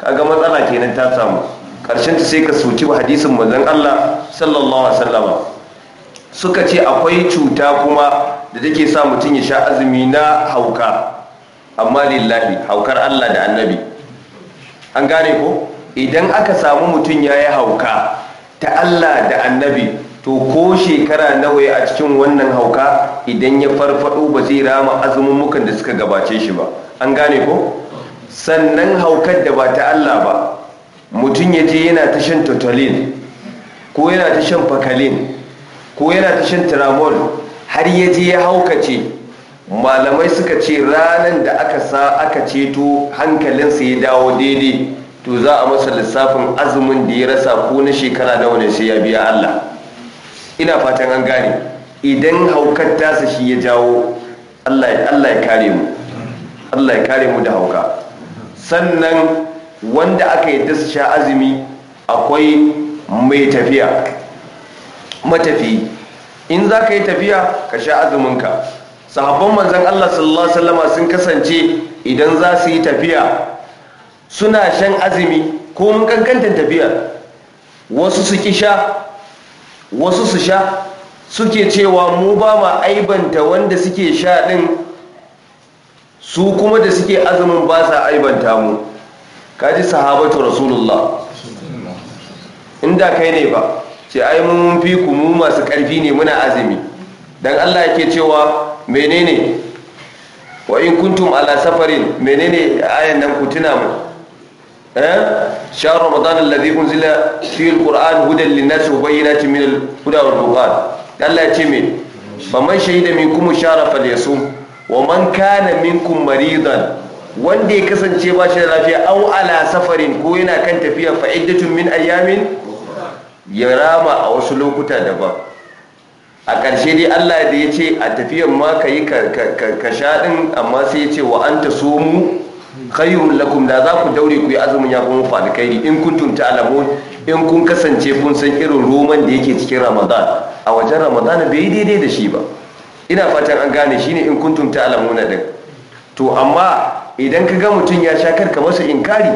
kaga matsala kenan ta samu karshen ta sai ka soki hadisin manzon Allah sallallahu alaihi suka ce akwai cuta kuma da take sa mutum ya sha azumi na hauka amma lillahi haukar Allah da annabi an gane ko idan aka samu mutum ya yi hauka ta Allah da annabi to ko shekara nawa a cikin wannan hauka idan ya farfado ba zai rama azumin mukan da suka gabace shi ba an gane ko sannan haukar da ba ta Allah ba mutum ya je yana ta shan totolin ko yana ta shan fakalin ko yana ta shan tramol har ya je ya haukace malamai suka ce ranar da aka sa aka ceto hankalinsa ya dawo daidai to za a masa lissafin azumin da ya rasa ko na shekara nawa ne sai ya biya Allah ina fatan an gane idan haukar tasa shi ya jawo allah ya kare mu allah ya kare mu da hauka sannan wanda aka yadda su sha azumi akwai mai tafiya matafi in za ka yi tafiya ka sha azuminka sahabban manzan allah sallallahu alaihi sun kasance idan za su yi tafiya suna shan azumi ko mun kankantar tafiya wasu su ki sha wasu su sha suke cewa mu ba ma aibanta wanda suke sha din su kuma da suke azumin ba sa aibanta mu kaji sahabatu rasulullah inda kai ne ba ce ai mun fi ku mu masu karfi ne muna azumi dan Allah yake cewa menene wa in kuntum ala safarin menene ayan nan ku tuna mu شهر رمضان الذي أنزل فيه القرآن هدى للناس وبينات من الهدى والفرقان الله يتمي فمن شهد منكم الشهر فليصوم ومن كان منكم مريضا wanda ya kasance ba shi da lafiya au ala safarin ko yana kan tafiya fa min ayyamin ya rama a wasu lokuta daban a ƙarshe dai Allah da ya ce a tafiyan ma ka yi ka sha amma sai ya ce wa an ta so mu khayrun lakum da za ku daure ku yi azumin ya kuma fa alkhairi in kuntum ta'lamun in kun kasance kun san irin roman da yake cikin ramadan a wajen ramadan bai daidai da shi ba ina fatan an gane shine in kuntum na din to amma idan ka ga mutum ya sha karka masa inkari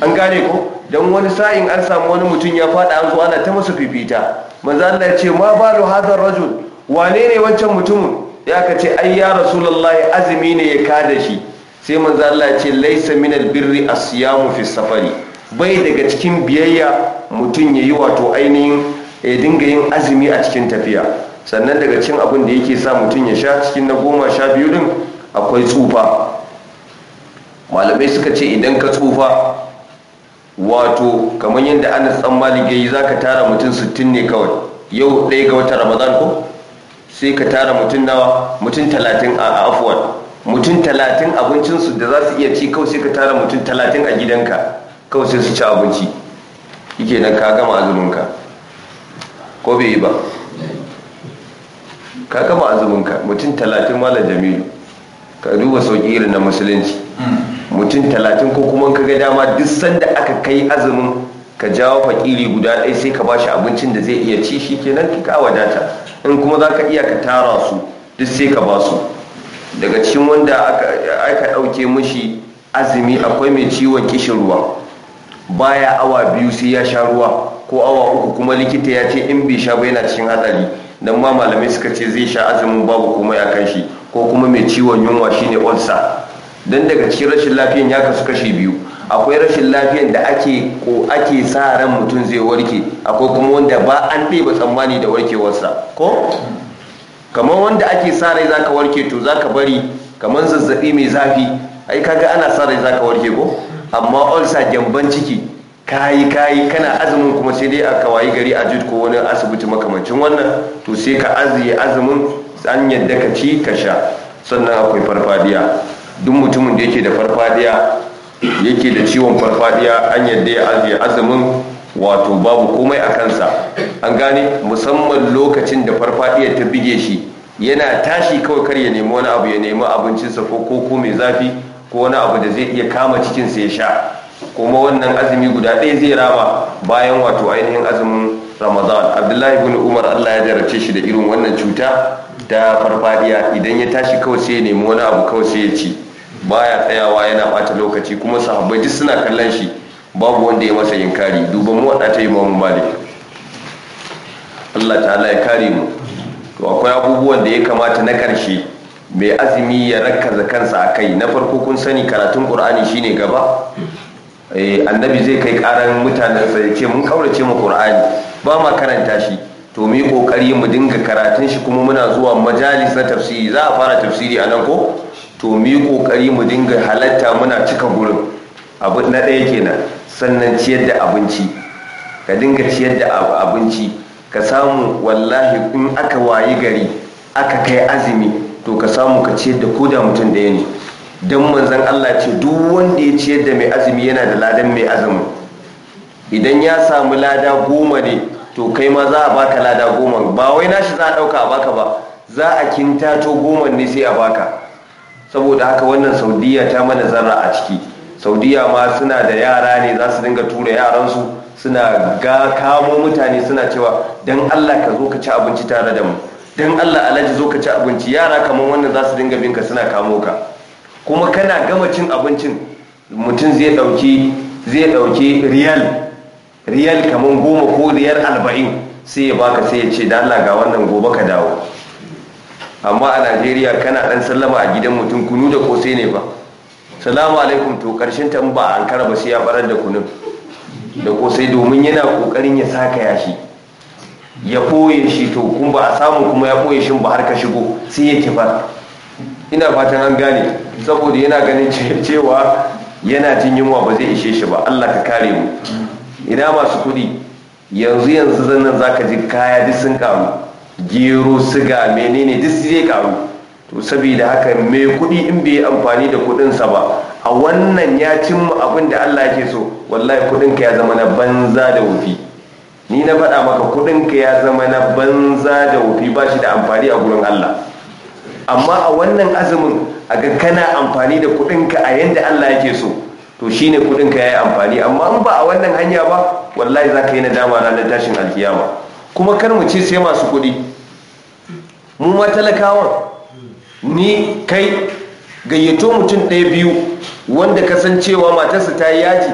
an gane ko dan wani sa'in an samu wani mutum ya fada an zo ana ta masa fifita manzo Allah ya ce ma balu hadar rajul wane ne wancan mutumin ya ka ce ai ya rasulullahi azumi ne ya kada shi sai manzo Allah ya ce laisa minal birri asyamu fi safari bai daga cikin biyayya mutum yayi wato ainihin ya dinga yin azumi a cikin tafiya sannan daga cikin abin da yake sa mutum ya sha cikin na goma sha biyu din akwai tsufa malamai suka ce idan ka tsufa wato kamar yadda ana san malige yi zaka tara mutum sittin ne kawai yau ɗaya ga watan ramadan ko sai ka tara mutum nawa mutun talatin a afuwan mutum talatin abincinsu da za su iya ci kawai sai ka tara mutum talatin a gidanka kawai sai su ci abinci yake nan ka gama azuminka ko bai yi ba ka gama azuminka mutum talatin malar jamilu ka duba sauƙi irin na musulunci mutum talatin ko kuma ka ga dama duk sanda aka kai azumin ka jawo fakiri guda ɗaya sai ka bashi abincin da zai iya ci shi kenan ka wadata in kuma za ka iya ka tara su duk sai ka ba su daga cikin wanda aka ɗauke mushi azumi akwai mai ciwon kishin ruwa baya awa biyu sai ya sha ruwa ko awa uku kuma likita ya ce in bai sha ba yana cikin hatsari dan ma malamai suka ce zai sha azumin babu komai a kan shi ko kuma mai ciwon yunwa shine ulcer dan daga cikin rashin lafiyan ya kasu kashi biyu akwai rashin lafiyan da ake ko ake sa ran mutum zai warke akwai kuma wanda ba an ɗeba tsammani da warkewarsa ko kamar wanda ake sa rai zaka warke to zaka bari kamar zazzabi mai zafi ai kaga ana sa rai zaka warke ko amma ulsa gyamban ciki kayi kayi kana azumin kuma sai dai a kawai gari a jid ko wani asibiti makamancin wannan to sai ka aziye azumin an yadda ka ci ka sha sannan akwai farfadiya duk mutumin da yake da farfadiya yake da ciwon farfadiya an yadda ya aziye azumin wato babu komai a kansa an gane musamman lokacin da farfadiya ta bige shi yana tashi kawai kar ya nemi wani abu ya nemi abincinsa ko koko mai zafi ko wani abu da zai iya kama cikinsa ya sha kuma wannan azumi guda ɗaya zai rama bayan wato ainihin azumin ramadan abdullahi bin umar allah ya jarabce shi da irin wannan cuta ta farfadiya idan ya tashi kawai sai ya nemi wani abu kawai sai ya ci baya tsayawa yana ɓata lokaci kuma sahabbai duk suna kallon shi babu wanda ya masa kari duban mu wanda ta yi imamu malik Allah ta'ala ya kare mu to akwai abubuwan da ya kamata na karshe mai azumi ya rakkaza kansa a kai na farko kun sani karatun qur'ani shine gaba eh, annabi zai kai karan mutanen sa yace mun kaurace mu qur'ani ba ma karanta shi to mu yi kokari mu dinga karatun shi kuma muna zuwa majalis na tafsiri za a fara tafsiri a nan ko to mu yi kokari mu dinga halatta muna cika gurin abu na ɗaya kenan sannan ciyar da abinci ka dinga ciyar da abinci ka samu wallahi in aka wayi gari aka kai azumi to ka samu ka ciyar da koda mutum da ya ne don manzan Allah ce duk wanda ya ciyar da mai azumi yana da ladan mai azumi idan ya samu lada goma ne to kai ma za a baka lada goma ba wai nashi za a ɗauka a baka ba za a kintato goma ne sai a baka saboda haka wannan saudiya ta mana zarra a ciki saudiya ma suna da yara ne za su dinga tura yaransu suna ga kamo mutane suna cewa don allah ka zo ka ci abinci tare da mu don allah alhaji zo ka ci abinci yara kamar wannan za su dinga binka suna kamo ka kuma kana gama cin abincin mutum zai dauki zai dauki riyal riyal kamar goma ko riyal arba'in sai ya baka sai ya ce da allah ga wannan gobe ka dawo amma a najeriya kana dan sallama a gidan mutum kunu da kosai ne ba salamu alaikum to karshen ta ba an kara ba sai ya barar da kunun da kosai domin yana kokarin ya saka yashi ya koye shi to kun ba a samu kuma ya koye shi ba har ka shigo sai ya kifar ina fatan an gane saboda yana ganin cewa yana jin yunwa ba zai ishe shi ba Allah ka kare mu ina masu kuɗi yanzu yanzu zannan zaka ji kaya duk sun karu gero siga menene duk sai karu to saboda haka mai kuɗi in bai amfani da kuɗinsa ba a wannan ya cimma abin da Allah yake so wallahi kuɗinka ya zama na banza da wufi ni na faɗa maka kuɗinka ya zama na banza da wufi ba shi da amfani a gurin Allah amma a wannan azumin a ga kana amfani da kuɗinka a yadda Allah yake so to shine kuɗinka ya yi amfani amma in ba a wannan hanya ba wallahi za ka yi nadama ranar tashin alkiyama kuma kar mu ce sai masu kuɗi mu ma talakawan ni kai gayyato mutum ɗaya biyu wanda ka san cewa matarsa ta yi yaji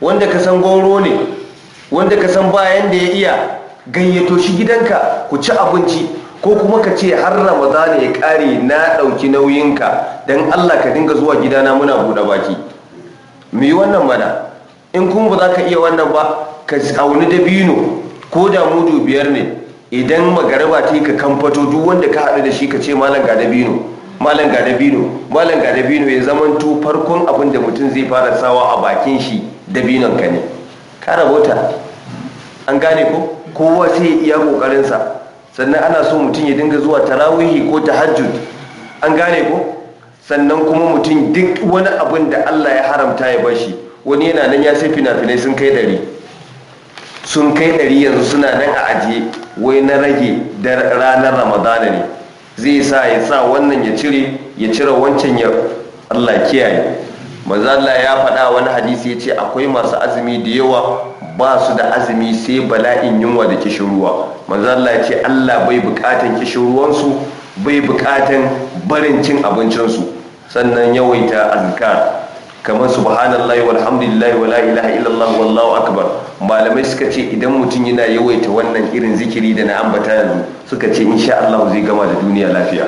wanda ka san goro ne wanda ka san bayan da ya iya gayyato shi gidanka ku ci abinci ko kuma ka ce har ramadana ya ƙare na ɗauki nauyinka don allah ka dinga zuwa gidana muna buɗe baki mu yi wannan mana in kuma ba za ka iya wannan ba ka auni dabino ko da mudu biyar ne idan magariba ta ka kamfato duk wanda ka haɗu da shi ka ce malam ga dabino malam ga dabino malam ga dabino ya zama to farkon abin da mutum zai fara sawa a bakin shi dabinon ka ne ka rabota an gane ko kowa sai ya iya kokarin sa sannan ana so mutum ya dinga zuwa tarawihi ko tahajjud an gane ko sannan kuma mutum duk wani abin da Allah ya haramta ya bar shi wani yana nan ya sai fina-finai sun kai ɗari sun kai ɗari yanzu suna nan a ajiye wai na rage da ranar ramadana ne zai sa ya sa wannan ya cire ya cire wancan ya allah kiyaye mazalla ya faɗa wani hadisi ya ce akwai masu azumi da yawa ba su da azumi sai bala'in yunwa da kishirwa mazalla ya ce allah bai buƙatan kishiruwansu, bai buƙatan barin cin abincinsu sannan yawaita azkar kamar subhanallahi walhamdulillahi wala ilaha illallah wallahu akbar malamai suka ce idan mutum yana yawaita wannan irin zikiri da na ambata yanzu suka ce insha Allah zai gama da duniya lafiya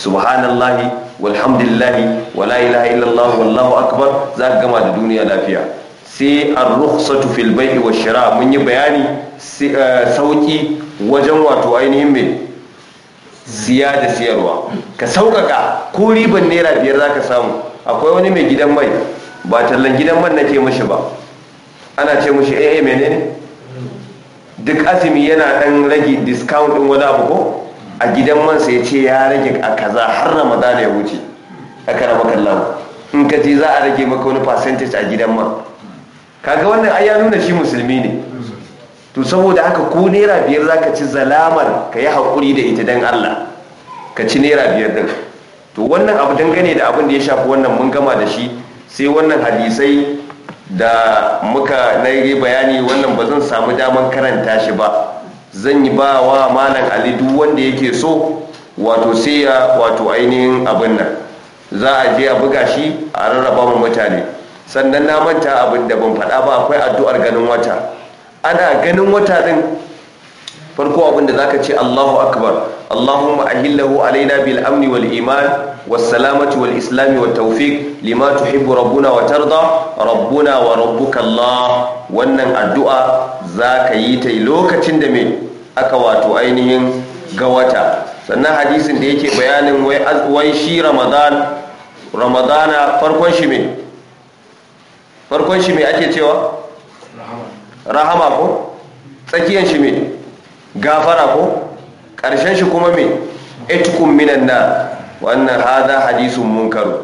subhanallahi walhamdulillahi wala ilaha illallah wallahu akbar za ka gama da duniya lafiya sai ar-rukhsatu fil bai'i wa shira mun yi bayani eh, sauki wajen wato ainihin me siya da siyarwa ka sauƙaƙa ko riban naira biyar za ka samu akwai wani mai gidan mai ba tallan gidan man nake mushi ba ana ce mushi eh eh menene duk azumi yana dan rage discount din wani abu ko a gidan man sai ce ya rage a kaza har ramadan ya wuce aka rama kallon in ka ji za a rage maka wani percentage a gidan man kaga wannan ai ya nuna shi musulmi ne to saboda haka ko naira biyar zaka ci zalamar ka yi hakuri da ita dan Allah ka ci naira biyar din to wannan abu dangane da abin da ya shafi wannan mun gama da shi sai wannan hadisai da muka na yi bayani wannan ba zan samu daman karanta shi ba zan yi ba wa malam ali duk wanda yake so wato sai ya wato ainihin abin nan za a je a buga shi a rarraba mu mutane sannan na manta abin da ban faɗa ba akwai addu'ar ganin wata ana ganin wata din farko abin da zaka ce Allahu akbar a اللهم أهله علينا بالأمن والإيمان والسلامة والإسلام والتوفيق wa تحب ربنا وترضى ربنا وربك الله wannan addu'a za ka yi ta lokacin da mai aka wato ainihin gawata sannan hadisin da yake bayanin wai shi ramadan ramadana farkon shi mai ake cewa rahama ko tsakiyan shi mai gafara ko ƙarshen shi kuma mai itkun minan na wannan haza hadisun munkaru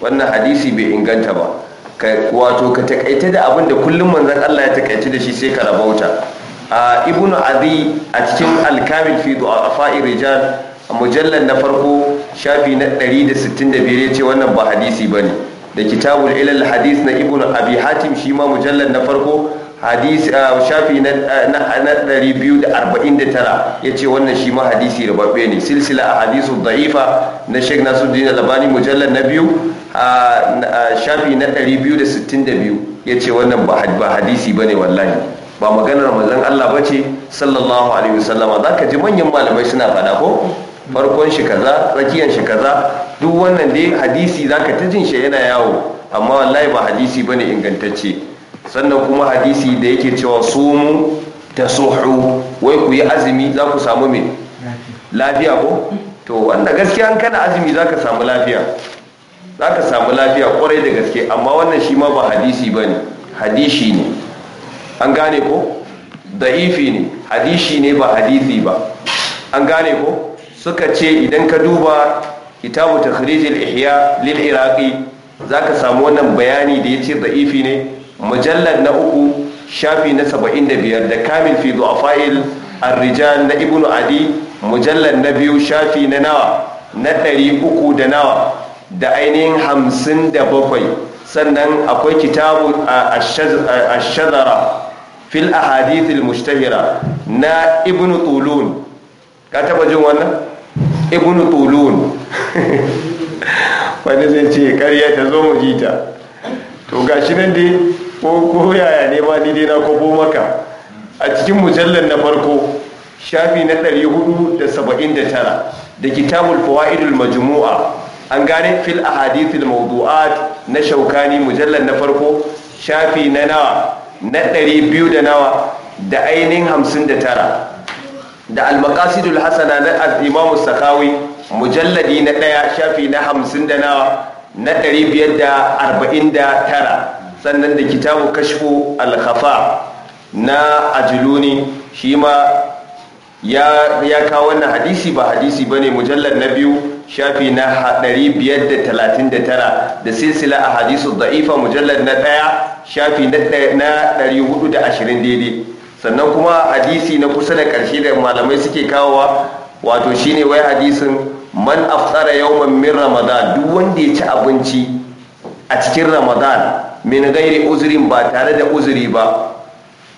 wannan hadisi bai inganta ba wato ka taƙaita da abin da kullum manzan Allah ya taƙaita da shi sai ka rabauta a ibn azi a cikin alkamil fi Afa'i rijal a mujallar na farko shafi na 165 ya ce wannan ba hadisi ba ne. da kitabul ilal hadis na ibn abi hatim shi ma mujallar na farko hadisi ah, shafi na 249 ah, ya ce wannan shi ma hadisi rubabbe ne silsila a hadisu da'ifa na sheik nasuddin labani mujallar na biyu ah, a shafi na 262 ya ce wannan ba hadisi ba ne wallahi ba maganar mazan Allah ba ce sallallahu alaihi wasallama za ka ji manyan malamai suna fada ko farkon shi kaza tsakiyan shi kaza duk wannan dai hadisi za ka ta jin shi yana yawo amma wallahi ba hadisi ba ne ingantacce sannan kuma hadisi da yake cewa sumu ta suhu wai ku yi azumi za ku samu mai lafiya ko to wanda gaskiya an kana azumi za ka samu lafiya za ka samu lafiya kwarai da gaske amma wannan shi ma ba hadisi ba ne hadishi ne an gane ko da'ifi ne hadishi ne ba hadisi ba an gane ko suka ce idan ka duba kitabu takhrijil ihya lil za ka samu wannan bayani da ya da da'ifi ne mujallar na uku shafi na saba'in da biyar da kamil fi du'afa'il arrijal na ibnu adi mujallar na biyu shafi na nawa na ɗari uku da nawa da ainihin hamsin da bakwai sannan akwai kitabu a shazara fil ahadithil mustahira na ibnu tulun ka taba jin wannan ibnu tulun (laughs) wani zai ce karya ta zo mu ji ta. to gashi nan dai ko yaya ne ba ni dai na kwabo maka a cikin mujallar na farko shafi na 479 da kitabul fawaidul majmu'a an gane fil ahadithul mawdu'at na shaukani mujallar na farko shafi na nawa na 200 da nawa da ainihin 59 da al-maqasidul hasana na al-imam sakawi mujalladi na daya shafi na 50 da nawa na 549 sannan da kitabu kashfu al-khafa na ajluni shi ma ya ya kawo wannan hadisi ba hadisi bane mujallar na biyu shafi na 539 da silsila a hadisu da'ifa mujallar na daya shafi na 420 daidai sannan kuma hadisi na kusa da karshe da malamai suke kawowa wato shine wai hadisin man afsara yawman min ramadan duk wanda ya ci abinci a cikin ramadan min gairi uzurin ba tare da uzuri ba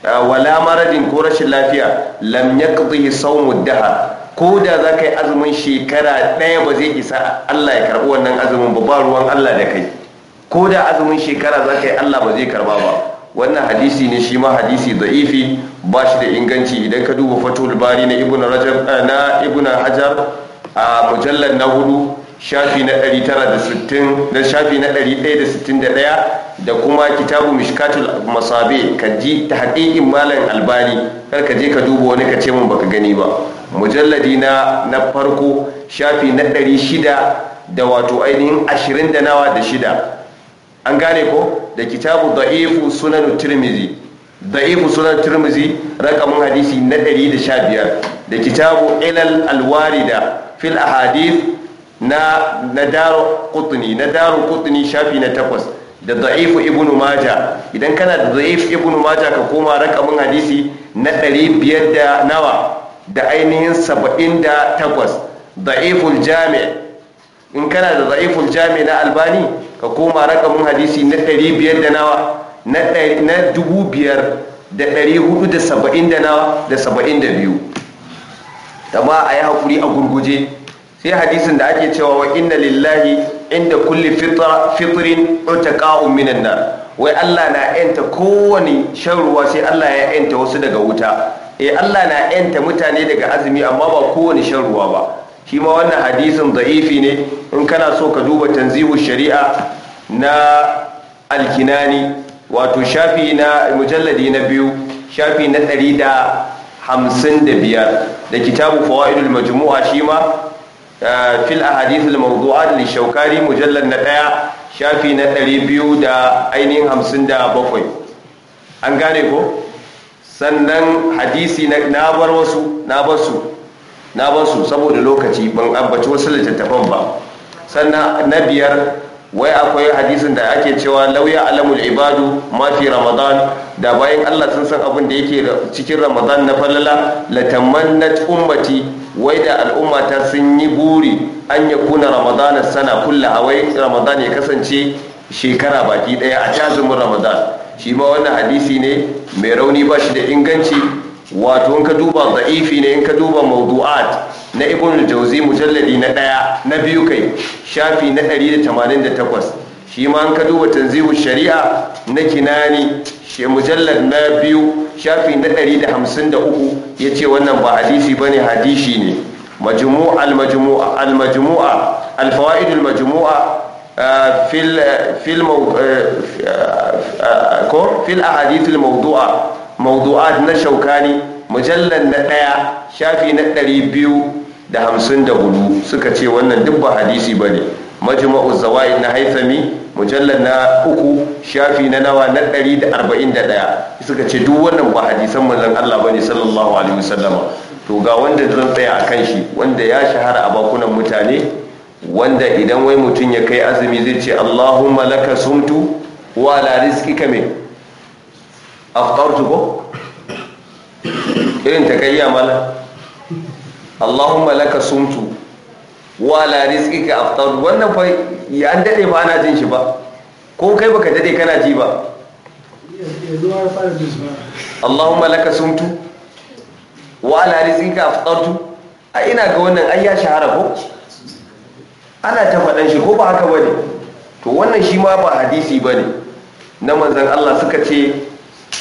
wala maradin ko rashin lafiya lam yaqdihi sawmu dahar ko da za ka yi azumin shekara ɗaya ba zai isa Allah ya karɓi wannan azumin ba ba ruwan Allah da kai ko da azumin shekara za ka yi Allah ba zai karɓa ba wannan hadisi ne shi ma hadisi da'ifi ba shi da inganci idan ka duba fatul bari eh, na ibn hajar a mujallar na hudu shafi na 960 da shafi na 161 da kuma kitabu mishkatul masabe ka ji ta haƙiƙin malam albani kar ka je ka duba wani ka ce mun baka gani ba mujalladi na na farko shafi na 600 da wato ainihin 20 da nawa da shida an gane ko da kitabu da'ifu sunan tirmizi da'ifu sunan tirmizi rakamin hadisi na 115 da kitabu ilal alwarida fil ahadith na daru daro na shafi na takwas da da'ifu ibnu maja idan kana da da'if ibnu maja ka koma rakamin hadisi na 500 da nawa da ainihin 78 da'iful jami' in kana da da'iful jami' na albani ka koma rakamin hadisi na 500 da nawa na 2500 da 470 da nawa da 72 a yi haƙuri a gurguje sai hadisin da ake cewa wa inna lillahi inda kulli fitrin utaqa'un minan nar wai Allah na yanta kowani shan ruwa sai Allah ya yanta wasu daga wuta eh Allah na yanta mutane daga azumi amma ba kowani shan ruwa ba shi ma wannan hadisin da'ifi ne in kana so ka duba tanzihu shari'a na alkinani wato shafi na mujalladi na biyu shafi na ɗari da hamsin da biyar da kitabu fawaidul majmu'a shi ma fil a al-mawdu'at da shaukari mujallal na ɗaya shafi na 200 da ainihin 57 an gane ko sannan hadisi na bar wasu na saboda lokaci ban ambaci wasu littattafan ba sannan na biyar wai akwai hadisin da ake cewa lauya alamul ibadu mafi ramadan da bayan allah sun san abin da yake cikin ramadan na falala latamman na ummati wai da al'umma ta sun yi buri an ya kuna ramadana sana kulla a wai ramadan ya kasance shekara baki daya a cazumin ramadan shi ma wannan hadisi ne mai rauni ba shi da inganci wato in ka duba za'ifi ne in ka duba mawdu'at na ibn jauzi mujalladi na daya na biyu kai shafi na 188 shi ma an ka duba tanzihu shari'a na kinani shi mujallar na biyu shafi na 153 ya ce wannan ba hadisi ba ne hadisi ne majmu'a al-majmu'a al-majmu'a al-fawaid al-majmu'a fil fil ko fil ahadith al-mawdu'a mawdu'at na shaukani mujallar na ɗaya shafi na 254 suka ce wannan duk ba hadisi ba ne majmu'u zawaid na haifami mujallar na uku shafi na nawa na 141 suka ce duk wannan ba hadisan manzon Allah bane sallallahu alaihi wasallama to ga wanda zan tsaya akan shi wanda ya shahara a bakunan mutane wanda idan wai mutum ya kai azumi zai ce Allahumma laka sumtu wa ala rizqika min aftartu ko irin takayya mala Allahumma laka sumtu wa rizki ka aftar wannan fa ya an dade ba ana jin shi ba ko kai baka dade kana ji ba Allahumma laka sumtu wa ala ka aftartu a ina ga wannan ai ya shahara ko ana ta fadan shi ko ba haka bane to wannan shi ma ba hadisi bane na manzon Allah suka ce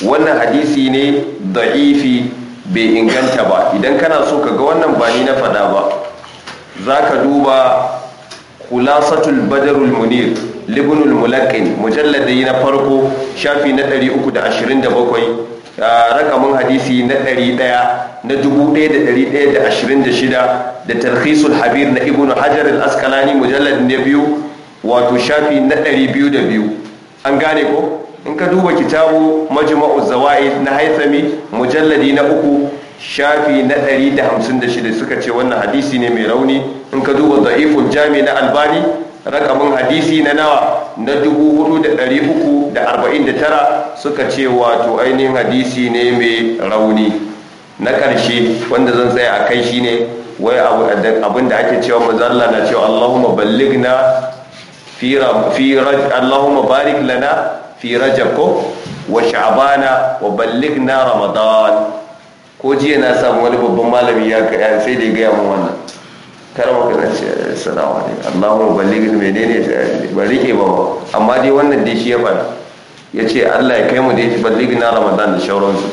wannan hadisi ne da'ifi bai inganta ba idan kana so ka ga wannan ba ni na faɗa ba za ka duba Kulasatul badarul munir libnul mulaqin mujalladai na farko shafi na 327 rakamin hadisi na 100 na 1126 da tarhisul habir na ibnu hajar al-asqalani mujallad na biyu wato shafi na 202 an gane ko in ka duba kitabu majma'uz zawaid na haithami mujalladi na uku shafi na 156 suka ce wannan hadisi ne mai rauni in ka duba da'iful jami na albani rakamin hadisi na nawa na 4349 suka ce wato ainihin hadisi ne mai rauni na ƙarshe wanda zan tsaya a kai shine wai abin da ake cewa mazalla na cewa Allahumma balligna fi Allahumma barik lana fi rajab wa sha'bana wa na ramadan ko jiya na samu wani babban malami ya yan sai da ya gaya mun wannan karama kana ce assalamu alaikum Allahu balighin menene ba rike ba amma dai wannan dai shi ya Ya yace Allah ya kai mu dai balighin na Ramadan da shauransu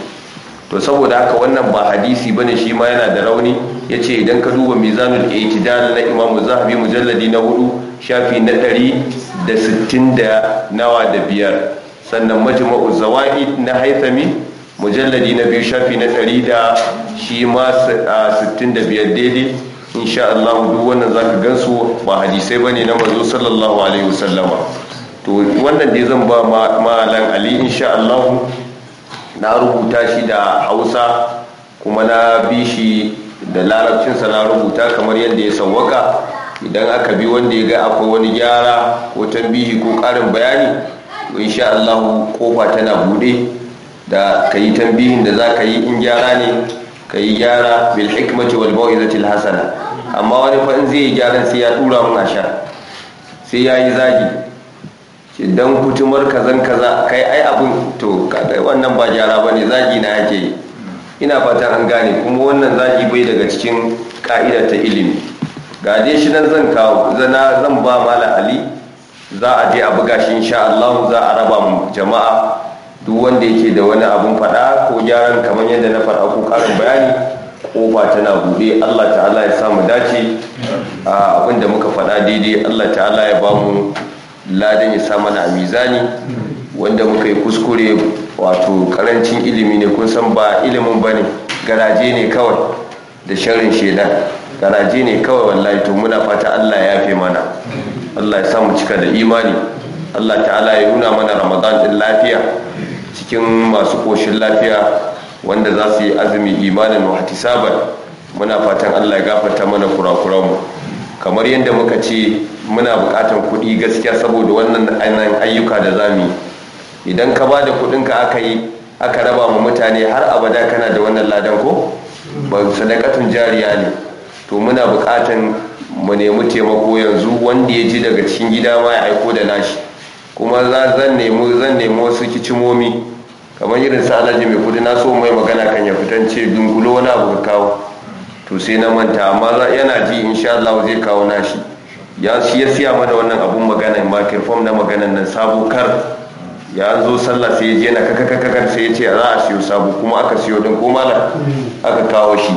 to saboda haka wannan ba hadisi bane shi ma yana da rauni ya ce idan ka duba mizanul i'tidal na Imam Zahabi mujalladi na hudu shafi na ɗari da sittin da nawa da biyar sannan majma'u zawaid na Haythami mujalladi na biyu shafi na ɗari da shi ma sittin da daidai insha Allah duk wannan za ka su ba hadisai ba ne na mazo sallallahu alaihi wasallama to wannan dai zan ba malam ali insha Allah na rubuta shi da hausa kuma na bi shi da larabcinsa na rubuta kamar yadda ya sauwaka idan aka bi wanda ya ga akwai wani gyara ko tambihi ko ƙarin bayani insha Allah kofa tana buɗe da ka yi tambihin da za ka yi in gyara ne ka yi gyara bil hikmati wal mawizatil hasana amma wani fa in zai yi gyaran sai ya tura mun a sha sai ya yi zagi ce dan kutumar kazan kaza kai ai abin to wannan ba gyara ba ne zagi na yake ina fatan an gane kuma wannan zagi bai daga cikin ka'ida ta ilimi ga dai shi nan zan kawo zana zan ba mala ali za a je a buga shi insha Allah za a raba mu jama'a duk wanda yake da wani abun faɗa ko gyaran kamar yadda na faɗa ko ƙarin bayani ta tana buɗe allah ta'ala ya samu dace a abin da muka faɗa daidai allah ta'ala ya bamu ladan ya sa mana a mizani wanda muka yi kuskure wato karancin ilimi ne kun san ba ilimin ba ne garaje ne kawai da sharin shedan garaje ne kawai wallahi to muna fata allah ya fi mana allah ya samu cika da imani allah ta'ala ya nuna mana ramadan din lafiya cikin masu koshin lafiya wanda za su yi azumi imanin wa sabar muna fatan Allah ya gafarta mana kurakuranmu kamar yadda muka ce muna bukatan kuɗi gaskiya saboda wannan ayyuka da za mu idan ka ba da kuɗinka aka yi aka raba mu mutane har abada kana da wannan ladan ko ba sadakatun jariya ne to muna bukatan mu nemi taimako yanzu wanda ya ji daga cikin gida ma ya aiko da nashi kuma zan nemi zan nemo wasu kicimomi kamar irin sa alhaji mai kudi na so mai magana kan ya fitan ce dunkulo wani abu ka kawo to sai na manta amma yana ji insha Allah zai kawo nashi ya ya siya mana wannan abun magana fom na maganan nan sabo kar ya zo sallah sai ya je na kar sai ya ce za a siyo sabo kuma aka siyo don ko malam aka kawo shi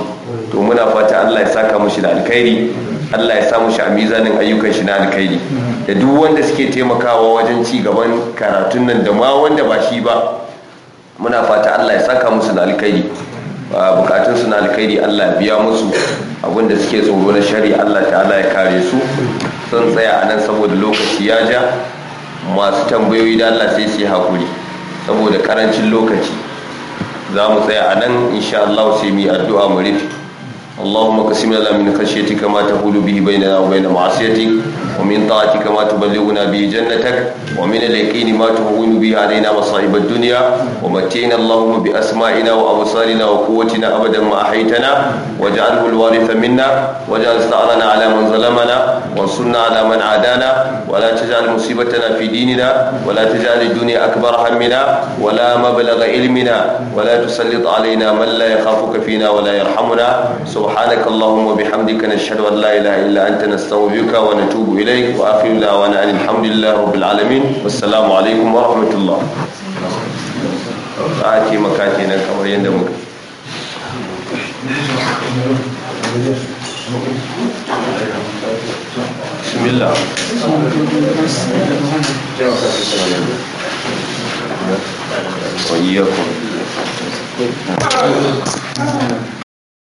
to muna fata Allah ya saka mushi da alkhairi Allah ya samu shi a mizanin ayyukan shi na alkhairi da duk wanda suke taimakawa wajen ci gaban karatun nan da ma wanda ba shi ba muna fata Allah ya saka musu na alkhairi bukatun su na alkhairi Allah ya biya musu da suke tsoro na shari Allah ta'ala ya kare su sun tsaya a nan saboda lokaci ya ja masu tambayoyi da Allah sai su yi hakuri saboda karancin lokaci za mu tsaya a nan insha Allah sai mu yi addu'a mu rufe اللهم اقسم لنا من خشيتك ما تحول به بيننا وبين معصيتك ومن طاعتك ما تبلغنا به جنتك ومن اليقين ما تهون به علينا مصائب الدنيا ومتعنا اللهم بأسمائنا وأبصارنا وقوتنا أبدا ما أحيتنا واجعله الوارث منا واجعل ثأرنا على من ظلمنا وانصرنا على من عادانا ولا تجعل مصيبتنا في ديننا ولا تجعل الدنيا أكبر همنا ولا مبلغ علمنا ولا تسلط علينا من لا يخافك فينا ولا يرحمنا سبحانه سبحانك اللهم وبحمدك نشهد أن لا إله إلا أنت نستغفرك ونتوب إليك وآخر دعوانا أن الحمد لله رب العالمين والسلام عليكم ورحمة الله آتي مكاتينا كما يندمك بسم الله وإياكم